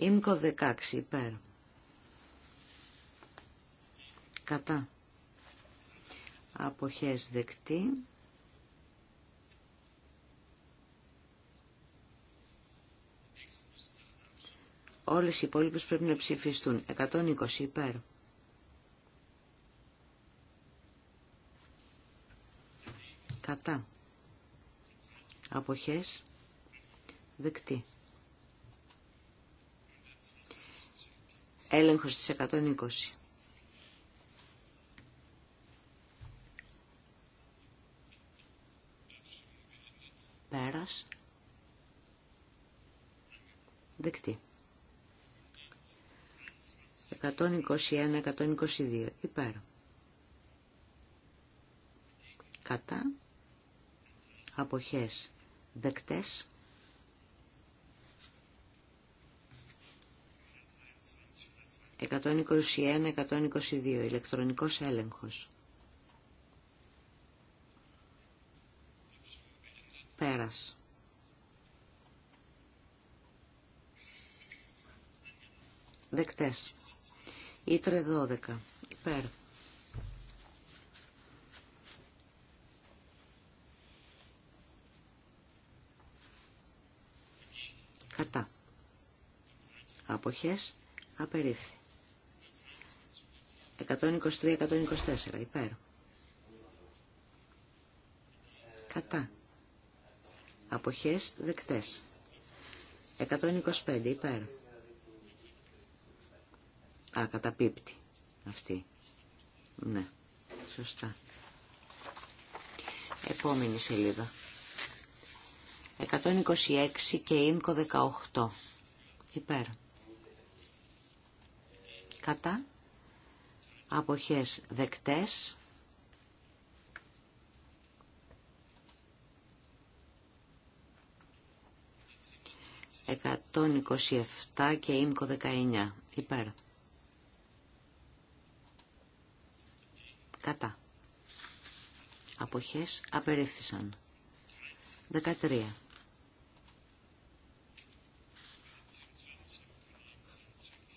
Ήμκο 16 υπέρ. Κατά. Αποχές δεκτή. Όλες οι υπόλοιπες πρέπει να ψηφιστούν. 120 υπέρ. Κατά. Αποχές δεκτή. Έλεγχος της 120. Πέρας. Δεκτή. 121-122. Υπέρ. Κατά. Αποχές. Δεκτές. 121-122 ηλεκτρονικός έλεγχος. Πέρας. Δεκτές. Ήτρε 12. Υπέρ. Κατά. Αποχές απερίφθη. 123-124 υπέρ. Κατά. Αποχές δεκτές. 125 υπέρ. Α, καταπίπτει αυτή. Ναι, σωστά. Επόμενη σελίδα. 126 και ίνκο 18. Υπέρ. Κατά αποχές δεκτές. 127 και ΙΜΚΟ 19. Υπέρ. Κατά. Αποχές απερίφθησαν. 13.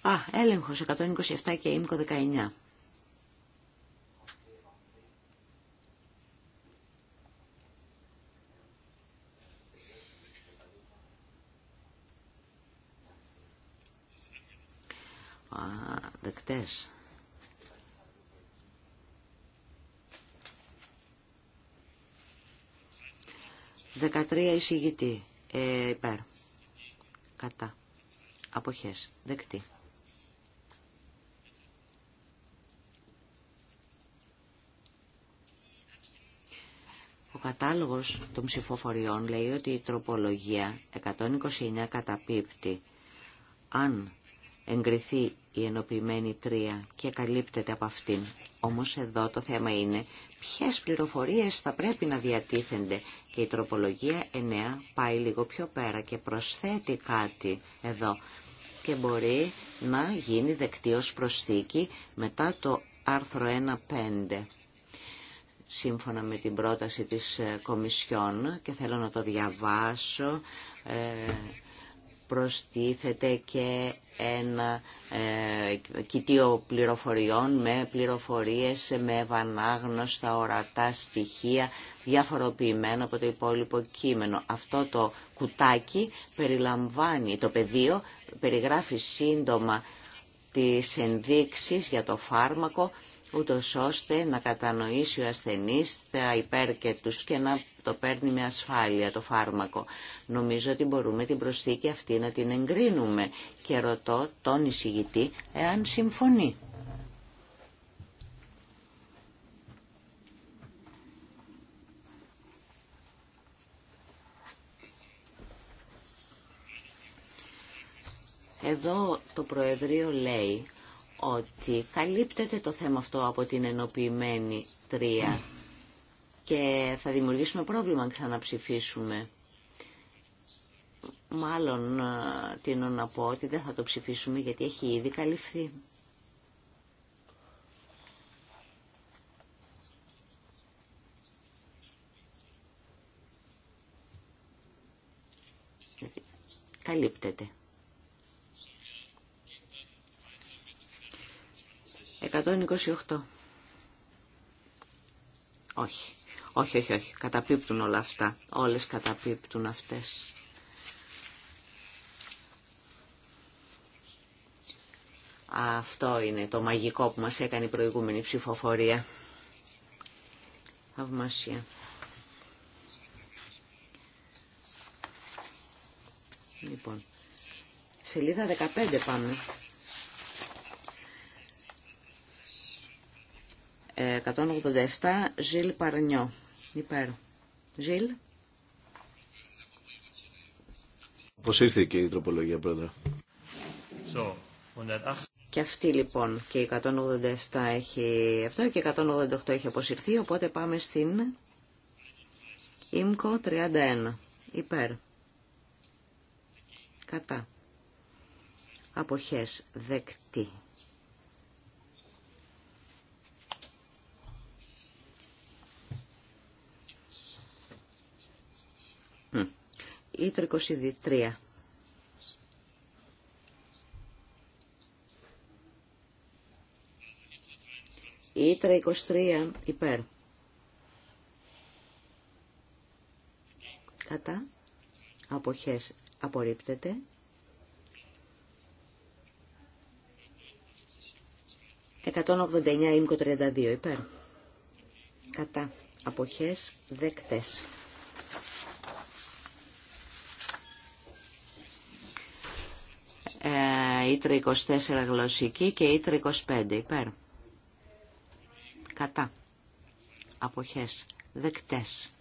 Α, έλεγχος 127 και ΙΜΚΟ 19. 13 Δεκατρία εισηγητή. Ε, υπέρ. Κατά. Αποχές. Δεκτή. Ο κατάλογος των ψηφοφοριών λέει ότι η τροπολογία 129 καταπίπτει αν εγκριθεί η ενοποιημένη τρία και καλύπτεται από αυτήν. Όμως εδώ το θέμα είναι ποιες πληροφορίες θα πρέπει να διατίθενται και η τροπολογία 9 πάει λίγο πιο πέρα και προσθέτει κάτι εδώ και μπορεί να γίνει δεκτή ως προσθήκη μετά το άρθρο 1.5 σύμφωνα με την πρόταση της Κομισιόν και θέλω να το διαβάσω ε, προστίθεται και ένα ε, κοιτίο πληροφοριών με πληροφορίες, με ευανάγνωστα ορατά στοιχεία διαφοροποιημένα από το υπόλοιπο κείμενο. Αυτό το κουτάκι περιλαμβάνει το πεδίο, περιγράφει σύντομα τις ενδείξεις για το φάρμακο, ούτως ώστε να κατανοήσει ο ασθενής τα υπέρ και τους και να το παίρνει με ασφάλεια το φάρμακο. Νομίζω ότι μπορούμε την προσθήκη αυτή να την εγκρίνουμε και ρωτώ τον εισηγητή εάν συμφωνεί. Εδώ το Προεδρείο λέει ότι καλύπτεται το θέμα αυτό από την ενοποιημένη τρία και θα δημιουργήσουμε πρόβλημα αν ξαναψηφίσουμε. Μάλλον ε, τίνω να πω ότι δεν θα το ψηφίσουμε γιατί έχει ήδη καλυφθεί. Καλύπτεται. 128. Όχι. Όχι, όχι, όχι. Καταπίπτουν όλα αυτά. Όλες καταπίπτουν αυτές. Αυτό είναι το μαγικό που μας έκανε η προηγούμενη ψηφοφορία. Θαυμασία. Λοιπόν, σελίδα 15 πάμε. 187 Ζιλ Παρνιό. Υπέρ. Ζιλ.
Αποσύρθηκε η τροπολογία, πρόεδρε.
So, Και αυτή λοιπόν και η 187 έχει αυτό και η 188 έχει αποσυρθεί, οπότε πάμε στην ΙΜΚΟ 31. Υπέρ. Κατά. Αποχές δεκτή. ή 23. Ήτρα 23 υπέρ. Κατά. Αποχές απορρίπτεται. 189 ήμκο 32 υπέρ. Κατά. Αποχές δεκτές. Ήτρα 24 γλωσσική και Ήτρα 25 υπέρ. Κατά. Αποχές. Δεκτές.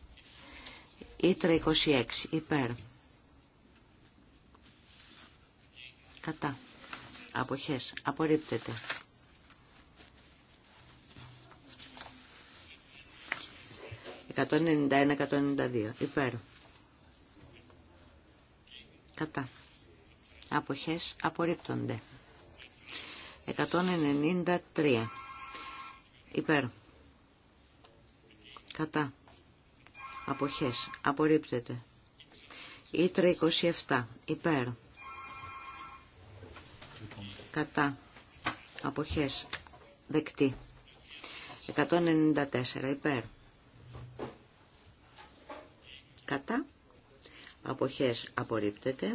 Ήτρα 26 υπέρ. Κατά. Αποχές. Απορρίπτεται. Απορρίπτεται. 192 υπέρ. Κατά αποχές απορρίπτονται. 193 υπέρ κατά αποχές απορρίπτεται. Ήτρα 27 υπέρ κατά αποχές δεκτή. 194 υπέρ κατά αποχές απορρίπτεται.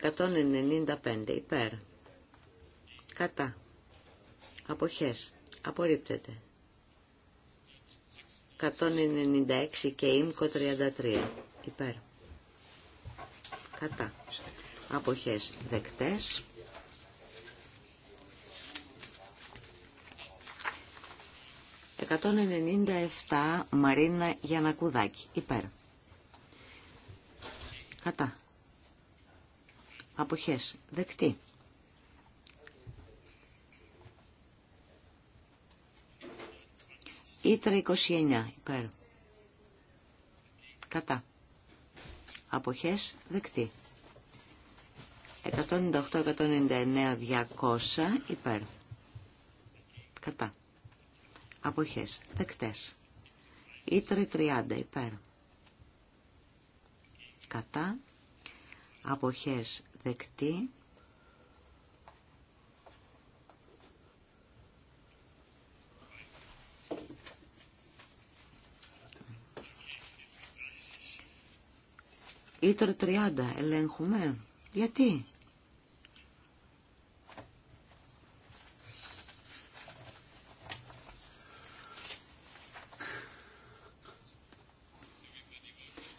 195 υπέρ. Κατά. Αποχές. Απορρίπτεται. 196 και ΙΜΚΟ 33 υπέρ. Κατά. Αποχές δεκτές. «197 Μαρίνα Γιανακουδάκη. Υπέρ». «Κατά» αποχές δεκτή. Ήτρα 29 υπέρ. Κατά. Αποχές δεκτή. 198-199-200 υπέρ. Κατά. Αποχές δεκτές. Ήτρα 30 υπέρ. Κατά. Αποχές δεκτή. Ήτρο 30 ελέγχουμε. Γιατί.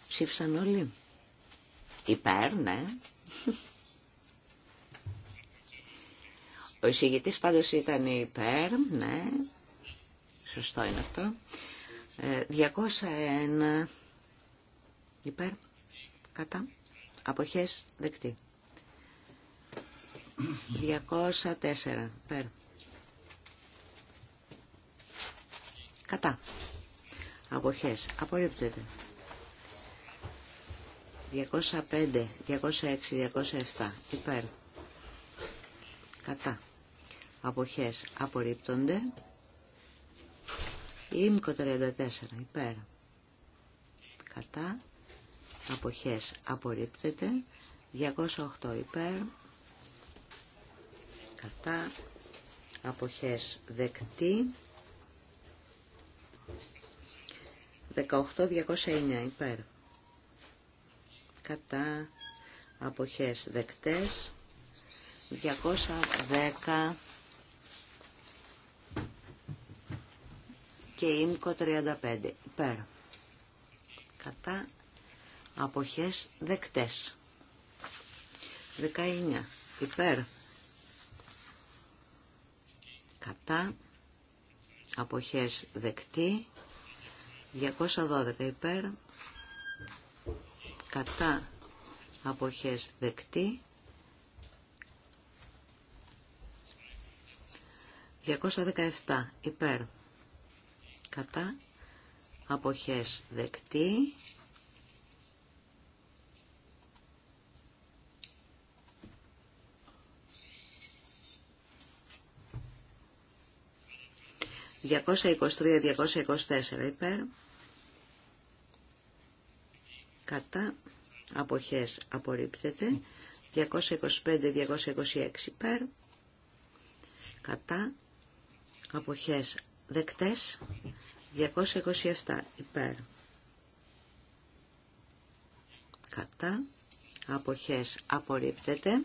Ψήφισαν όλοι. Υπέρ, ναι. Ο εισηγητή πάντω ήταν υπέρ, ναι, σωστό είναι αυτό. 201 ε, υπέρ, κατά, αποχές δεκτή. 204 υπέρ. Κατά. Αποχές. Απορρίπτεται. 205, 206, 207 υπέρ. Κατά αποχές απορρίπτονται. Ήμικο 34 υπέρ κατά αποχές απορρίπτεται. 208 υπέρ κατά αποχές δεκτή. 18-209 υπέρ. Κατά αποχές δεκτές. 210 και ΙΜΚΟ 35 υπέρ κατά αποχές δεκτές 19 υπέρ κατά αποχές δεκτή 212 υπέρ κατά αποχές δεκτή 217 υπέρ κατά αποχές Διακόσια 223-224 υπέρ, κατά αποχές απορρίπτεται, 225-226 υπέρ, κατά αποχές δεκτές 227 υπέρ κατά αποχές απορρίπτεται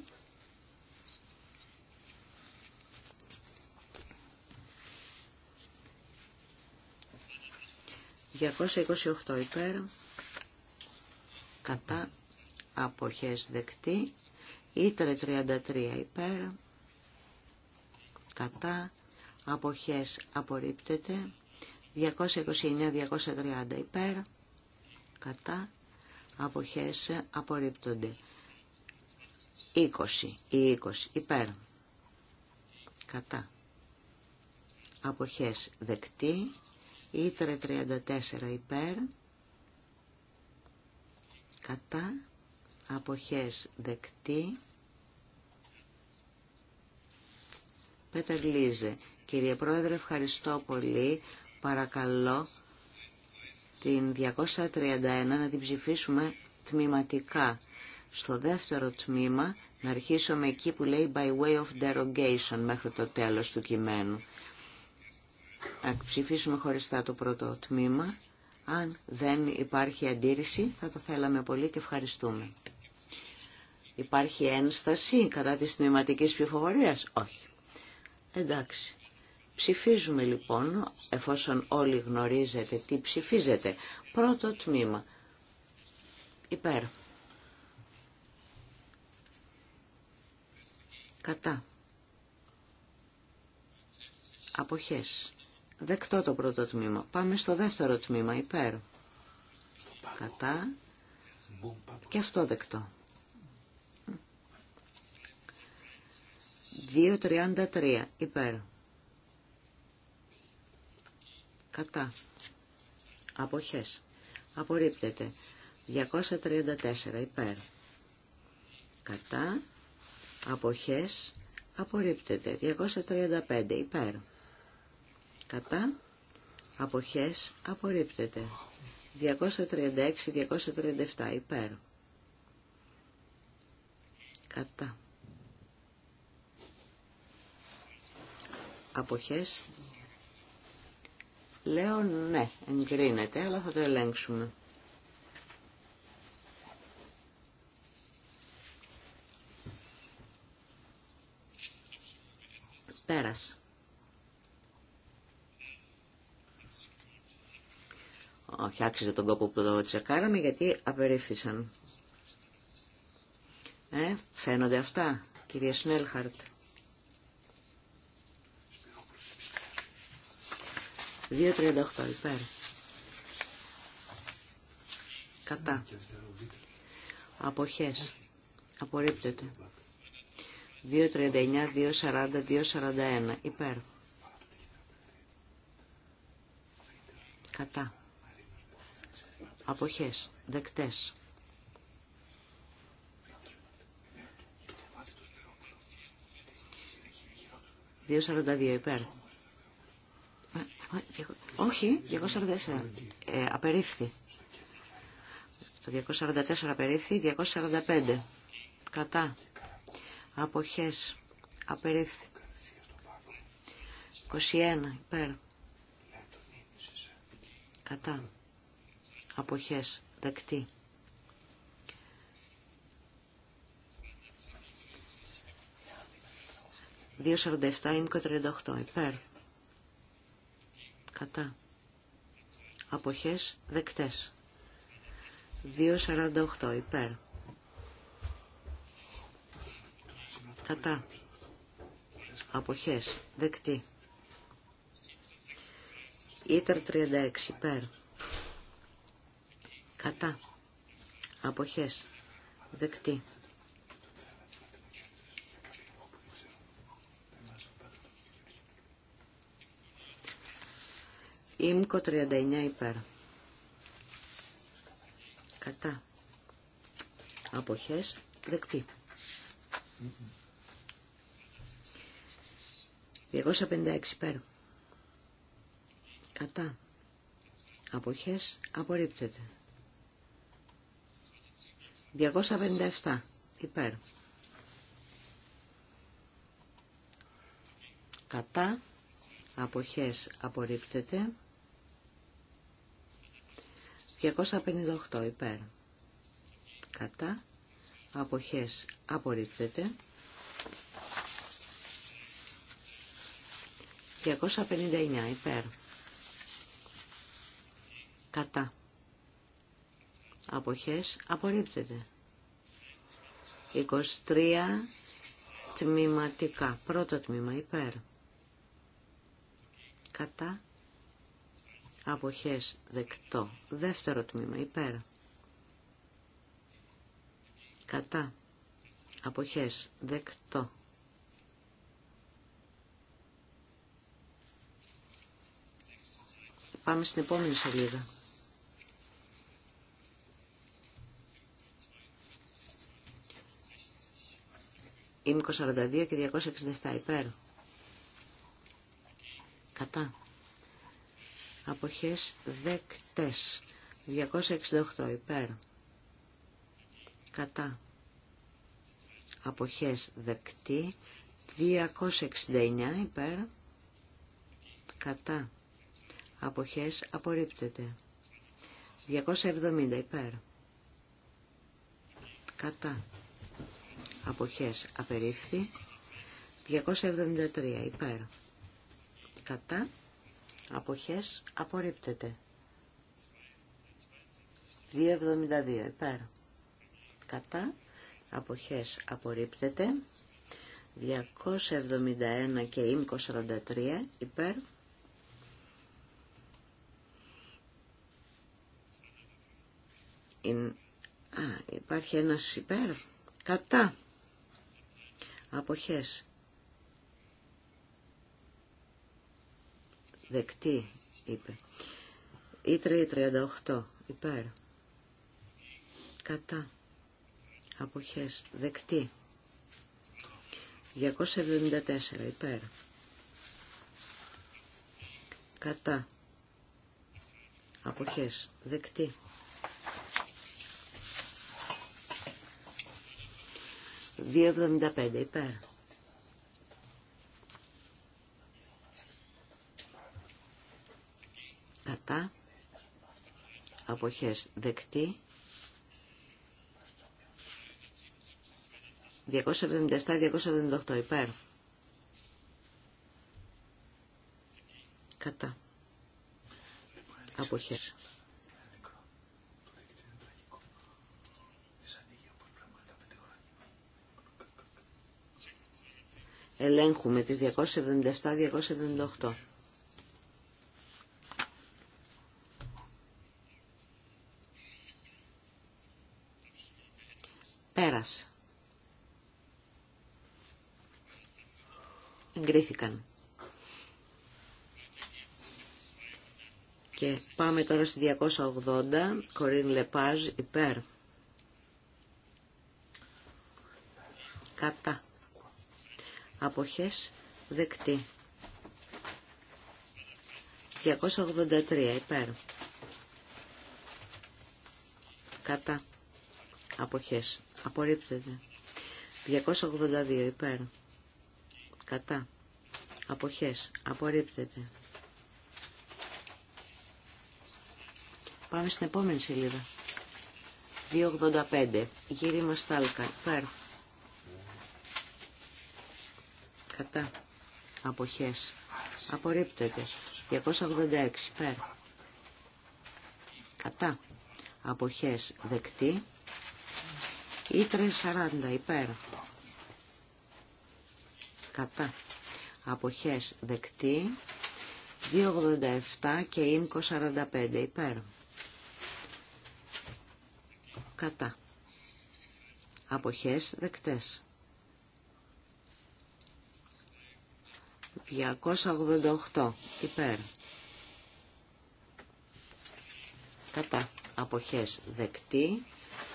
...228 υπέρ, κατά αποχές δεκτή, ήτρε 33 υπέρ, κατά αποχές απορρίπτεται 229-230 υπέρ κατά αποχές απορρίπτονται 20 ή 20 υπέρ κατά αποχές δεκτή ήτρε 34 υπέρ κατά αποχές δεκτή Πέτα Κύριε Πρόεδρε, ευχαριστώ πολύ. Παρακαλώ την 231 να την ψηφίσουμε τμήματικά. Στο δεύτερο τμήμα να αρχίσουμε εκεί που λέει by way of derogation μέχρι το τέλος του κειμένου. Να ψηφίσουμε χωριστά το πρώτο τμήμα. Αν δεν υπάρχει αντίρρηση θα το θέλαμε πολύ και ευχαριστούμε. Υπάρχει ένσταση κατά της τμηματικής ψηφοφορίας. Όχι. Εντάξει. Ψηφίζουμε λοιπόν, εφόσον όλοι γνωρίζετε τι ψηφίζετε. Πρώτο τμήμα. Υπέρ. Κατά. Αποχές. Δεκτό το πρώτο τμήμα. Πάμε στο δεύτερο τμήμα. Υπέρ. Κατά. Και αυτό δεκτό. 2.33. Υπέρ κατά αποχές απορρίπτεται 234 υπέρ κατά αποχές απορρίπτεται 235 υπέρ κατά αποχές απορρίπτεται 236-237 υπέρ κατά αποχές Λέω ναι, εγκρίνεται, αλλά θα το ελέγξουμε. Πέρας. Όχι, άξιζε τον κόπο που το τσεκάραμε γιατί απερίφθησαν. Ε, φαίνονται αυτά, κυρία Σνέλχαρτ. 2.38 υπέρ. Κατά. Αποχές. Απορρίπτεται. 2.39, 2.40, 2.41 υπέρ. Κατά. Αποχές. Δεκτές. 2.42 υπέρ. Όχι, 244. Ε, απερίφθη. Το 244 απερίφθη, 245. Κατά. Αποχές. Απερίφθη. 21 υπέρ. Κατά. Αποχές. Δεκτή. 2.47 ήμικο 38 υπέρ κατά αποχές δεκτές 2.48 υπέρ κατά αποχές δεκτή Ήτερ 36 υπέρ κατά αποχές δεκτή ΙΜΚΟ 39 υπέρ. Κατά. Αποχές δεκτή. 256 υπέρ. Κατά. Αποχές απορρίπτεται. 257 υπέρ. Κατά. Αποχές απορρίπτεται. 258 υπέρ. Κατά αποχές απορρίπτεται. 259 υπέρ. Κατά. Αποχές απορρίπτεται. 23 τμήματικά. Πρώτο τμήμα υπέρ. Κατά αποχές δεκτό. Δεύτερο τμήμα υπέρ. Κατά. Αποχές δεκτό. Πάμε στην επόμενη σελίδα. Είμαι 42 και 267 υπέρ. Κατά αποχές δεκτές. 268 υπέρ. Κατά. Αποχές δεκτή. 269 υπέρ. Κατά. Αποχές απορρίπτεται. 270 υπέρ. Κατά. Αποχές απερίφθη. 273 υπέρ. Κατά Αποχές απορρίπτεται. 2,72 υπέρ. Κατά. Αποχές απορρίπτεται. 271 και ΙΜΚΟ 43 υπέρ. In... Α, υπάρχει ένας υπέρ. Κατά. Αποχές Δεκτή, είπε. Ή 38, υπέρ. Κατά. Αποχές. Δεκτή. 274, υπέρ. Κατά. Αποχές. Δεκτή. 2,75 υπέρ. αποχες αποχές δεκτή 277-278 υπέρ κατά αποχές Ελέγχουμε τις 277-278. Εγκρίθηκαν. Και πάμε τώρα στη 280, Κορίν Λεπάζ, υπέρ. Κατά. Αποχές δεκτή. 283, υπέρ. Κατά. Αποχές. Απορρίπτεται. 282 υπέρ. Κατά. Αποχές. Απορρίπτεται. Πάμε στην επόμενη σελίδα. 285. Γύριμα στάλκα. Υπέρ. Κατά. Αποχές. Απορρίπτεται. 286. Υπέρ. Κατά. Αποχές δεκτή. Ήτρε 40 υπέρ. Κατά. Αποχές δεκτή. 287 και ΙΜΚΟ 45 υπέρ. Κατά. Αποχές δεκτές. 288 υπέρ. Κατά. Αποχές δεκτή.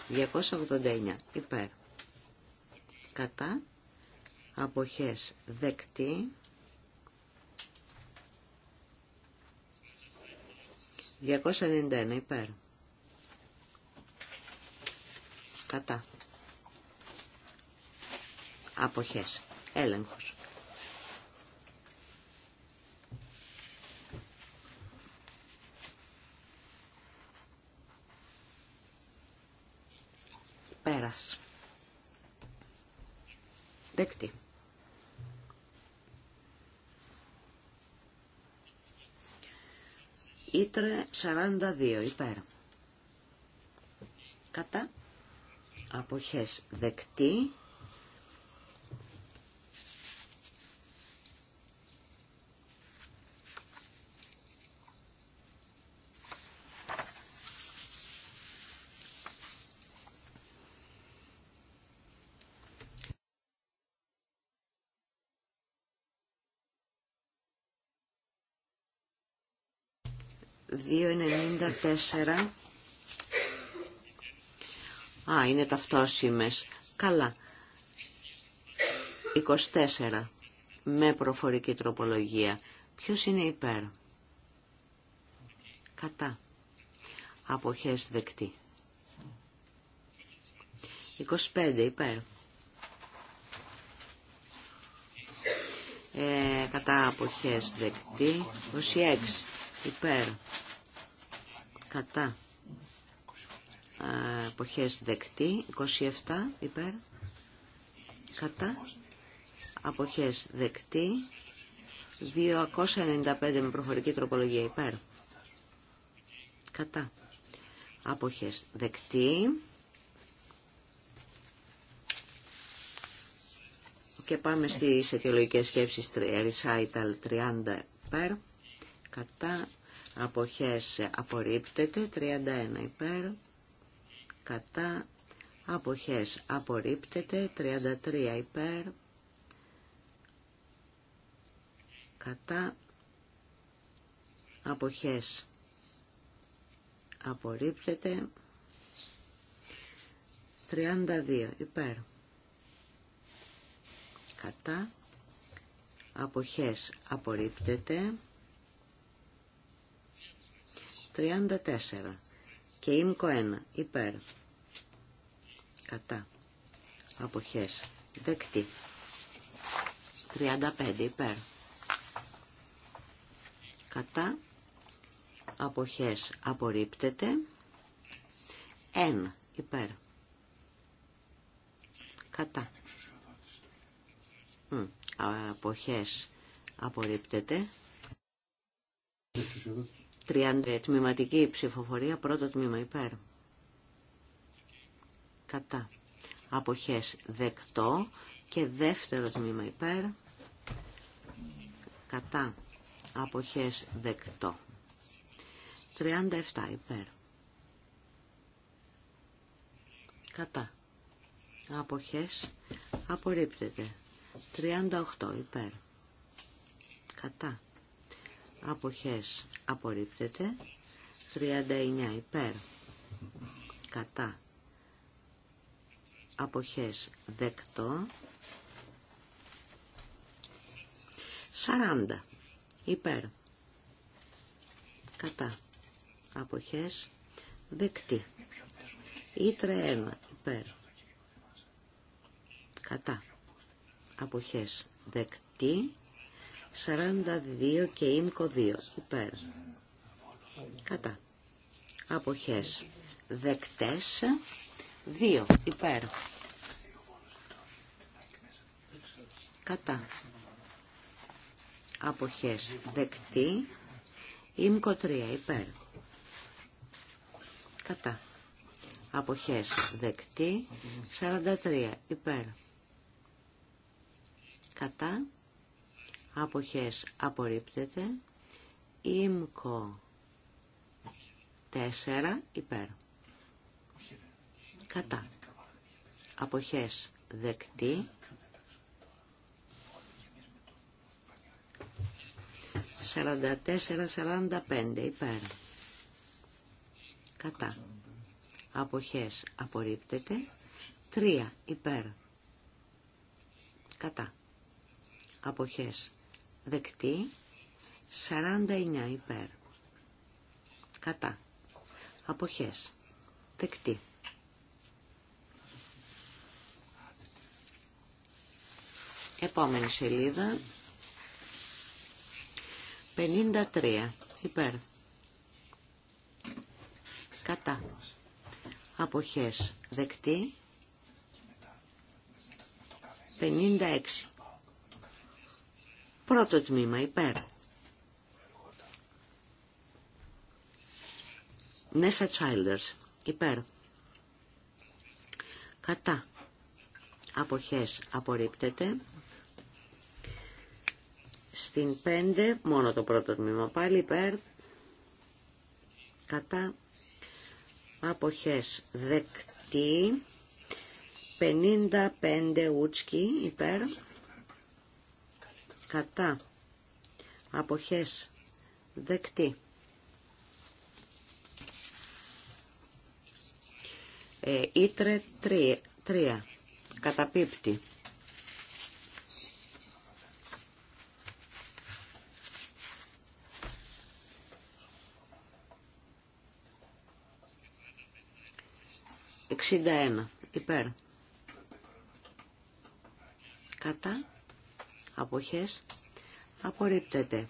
289 υπέρ. Κατά. Αποχές δεκτή. 291 υπέρ. Κατά. Αποχές. Έλεγχος. Ήτρε Δεκτή. 42 υπέρ. Κατά αποχές δεκτή 2,94. Α, είναι ταυτόσιμες. Καλά. 24. Με προφορική τροπολογία. Ποιος είναι υπέρ. Κατά. Αποχές δεκτή. 25 υπέρ. Ε, κατά αποχές δεκτή. 26 υπέρ κατά εποχές δεκτή 27 υπέρ κατά αποχές δεκτή 295 με προφορική τροπολογία υπέρ κατά αποχές δεκτή και πάμε στις αιτιολογικές σκέψεις recital 30 υπέρ κατά αποχές απορρίπτεται 31 υπέρ κατά αποχές απορρίπτεται 33 υπέρ κατά αποχές απορρίπτεται 32 υπέρ κατά αποχές απορρίπτεται 34 και ήμκο 1 υπέρ κατά αποχές δεκτή 35 υπέρ κατά αποχές απορρίπτεται 1 υπέρ κατά αποχές απορρίπτεται 30. Τμηματική ψηφοφορία, πρώτο τμήμα υπέρ. Κατά. Αποχές δεκτό και δεύτερο τμήμα υπέρ. Κατά. Αποχές δεκτό. 37 υπέρ. Κατά. Αποχές απορρίπτεται. 38 υπέρ. Κατά αποχές απορρίπτεται 39 υπέρ κατά αποχές δεκτό 40 υπέρ κατά αποχές δεκτή ήτρε 1 υπέρ κατά αποχές δεκτή 42 και ΙΜΚΟ 2 υπέρ. Κατά. Αποχές δεκτές 2 υπέρ. Κατά. Αποχές δεκτή ΙΜΚΟ 3 υπέρ. Κατά. Αποχές δεκτή 43 υπέρ. Κατά αποχές απορρίπτεται. Ήμκο 4 υπέρ. Κατά. Αποχές δεκτή. 44-45 υπέρ. Κατά. Αποχές απορρίπτεται. 3 υπέρ. Κατά. Αποχές Δεκτή. 49 υπέρ. Κατά. Αποχές. Δεκτή. Επόμενη σελίδα. 53 υπέρ. Κατά. Αποχές. Δεκτή. 56 Πρώτο τμήμα υπέρ. Νέσα Childers υπέρ. Κατά. Αποχές απορρίπτεται. Στην 5 μόνο το πρώτο τμήμα πάλι υπέρ. Κατά. Αποχές δεκτή. 55 ούτσκι υπέρ κατά αποχές δεκτή ε, ήτρε τρία καταπίπτη εξήντα ένα υπέρ κατά αποχές απορρίπτεται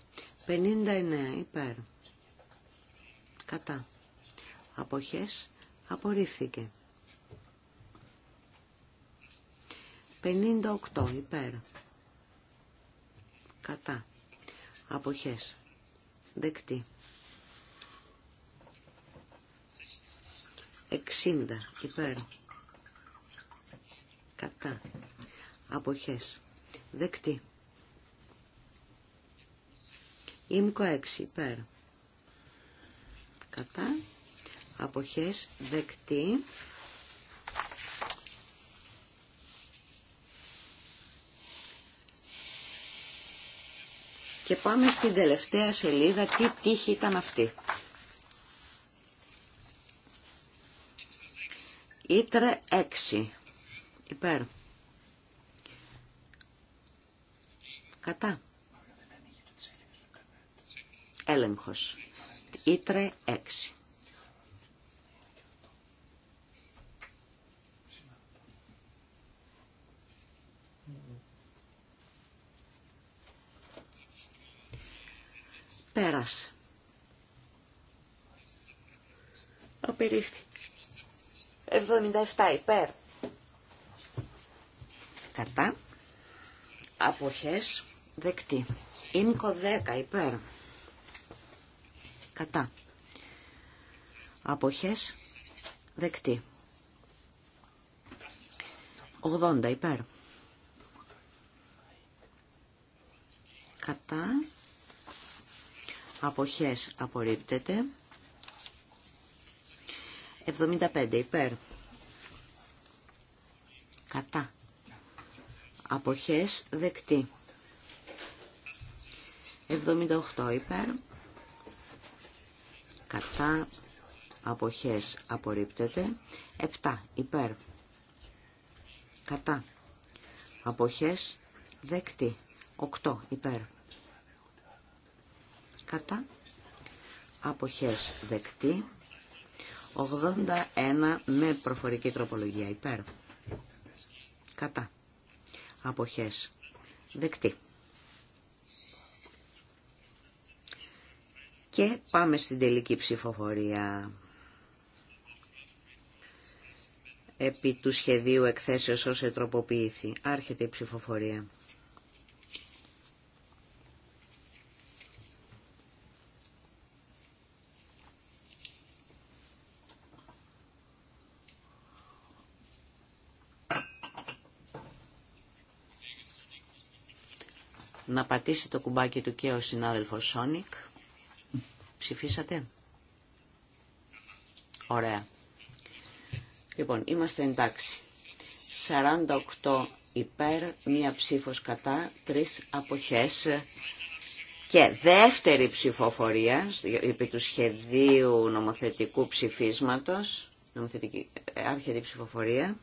59 υπέρ κατά αποχές απορρίφθηκε 58 υπέρ κατά αποχές δεκτή 60 υπέρ κατά αποχές δεκτή Ήμκο 6 υπέρ. Κατά. Αποχές δεκτή. Και πάμε στην τελευταία σελίδα τι τύχη ήταν αυτή. Ήτρε 6. Υπέρ. Κατά. Έλεγχος. Ήτρε 6. Πέρας. Απερίφθη. 77 υπέρ. Κατά. Αποχές δεκτή. Ίνκο 10 υπέρ κατά αποχές δεκτή 80 υπέρ κατά αποχές απορρίπτεται 75 υπέρ κατά αποχές δεκτή 78 υπέρ κατά αποχές απορρίπτεται 7 υπέρ κατά αποχές δεκτή 8 υπέρ κατά αποχές δεκτή 81 με προφορική τροπολογία υπέρ κατά αποχές δεκτή Και πάμε στην τελική ψηφοφορία. Επί του σχεδίου εκθέσεως όσο τροποποιήθη. Άρχεται η ψηφοφορία. να πατήσει το κουμπάκι του και ο συνάδελφος Σόνικ. Ψηφίσατε. Ωραία. Λοιπόν, είμαστε εντάξει. 48 υπέρ, μία ψήφος κατά, τρεις αποχές και δεύτερη ψηφοφορία επί του σχεδίου νομοθετικού ψηφίσματος. Νομοθετική, ε, άρχεται ψηφοφορία.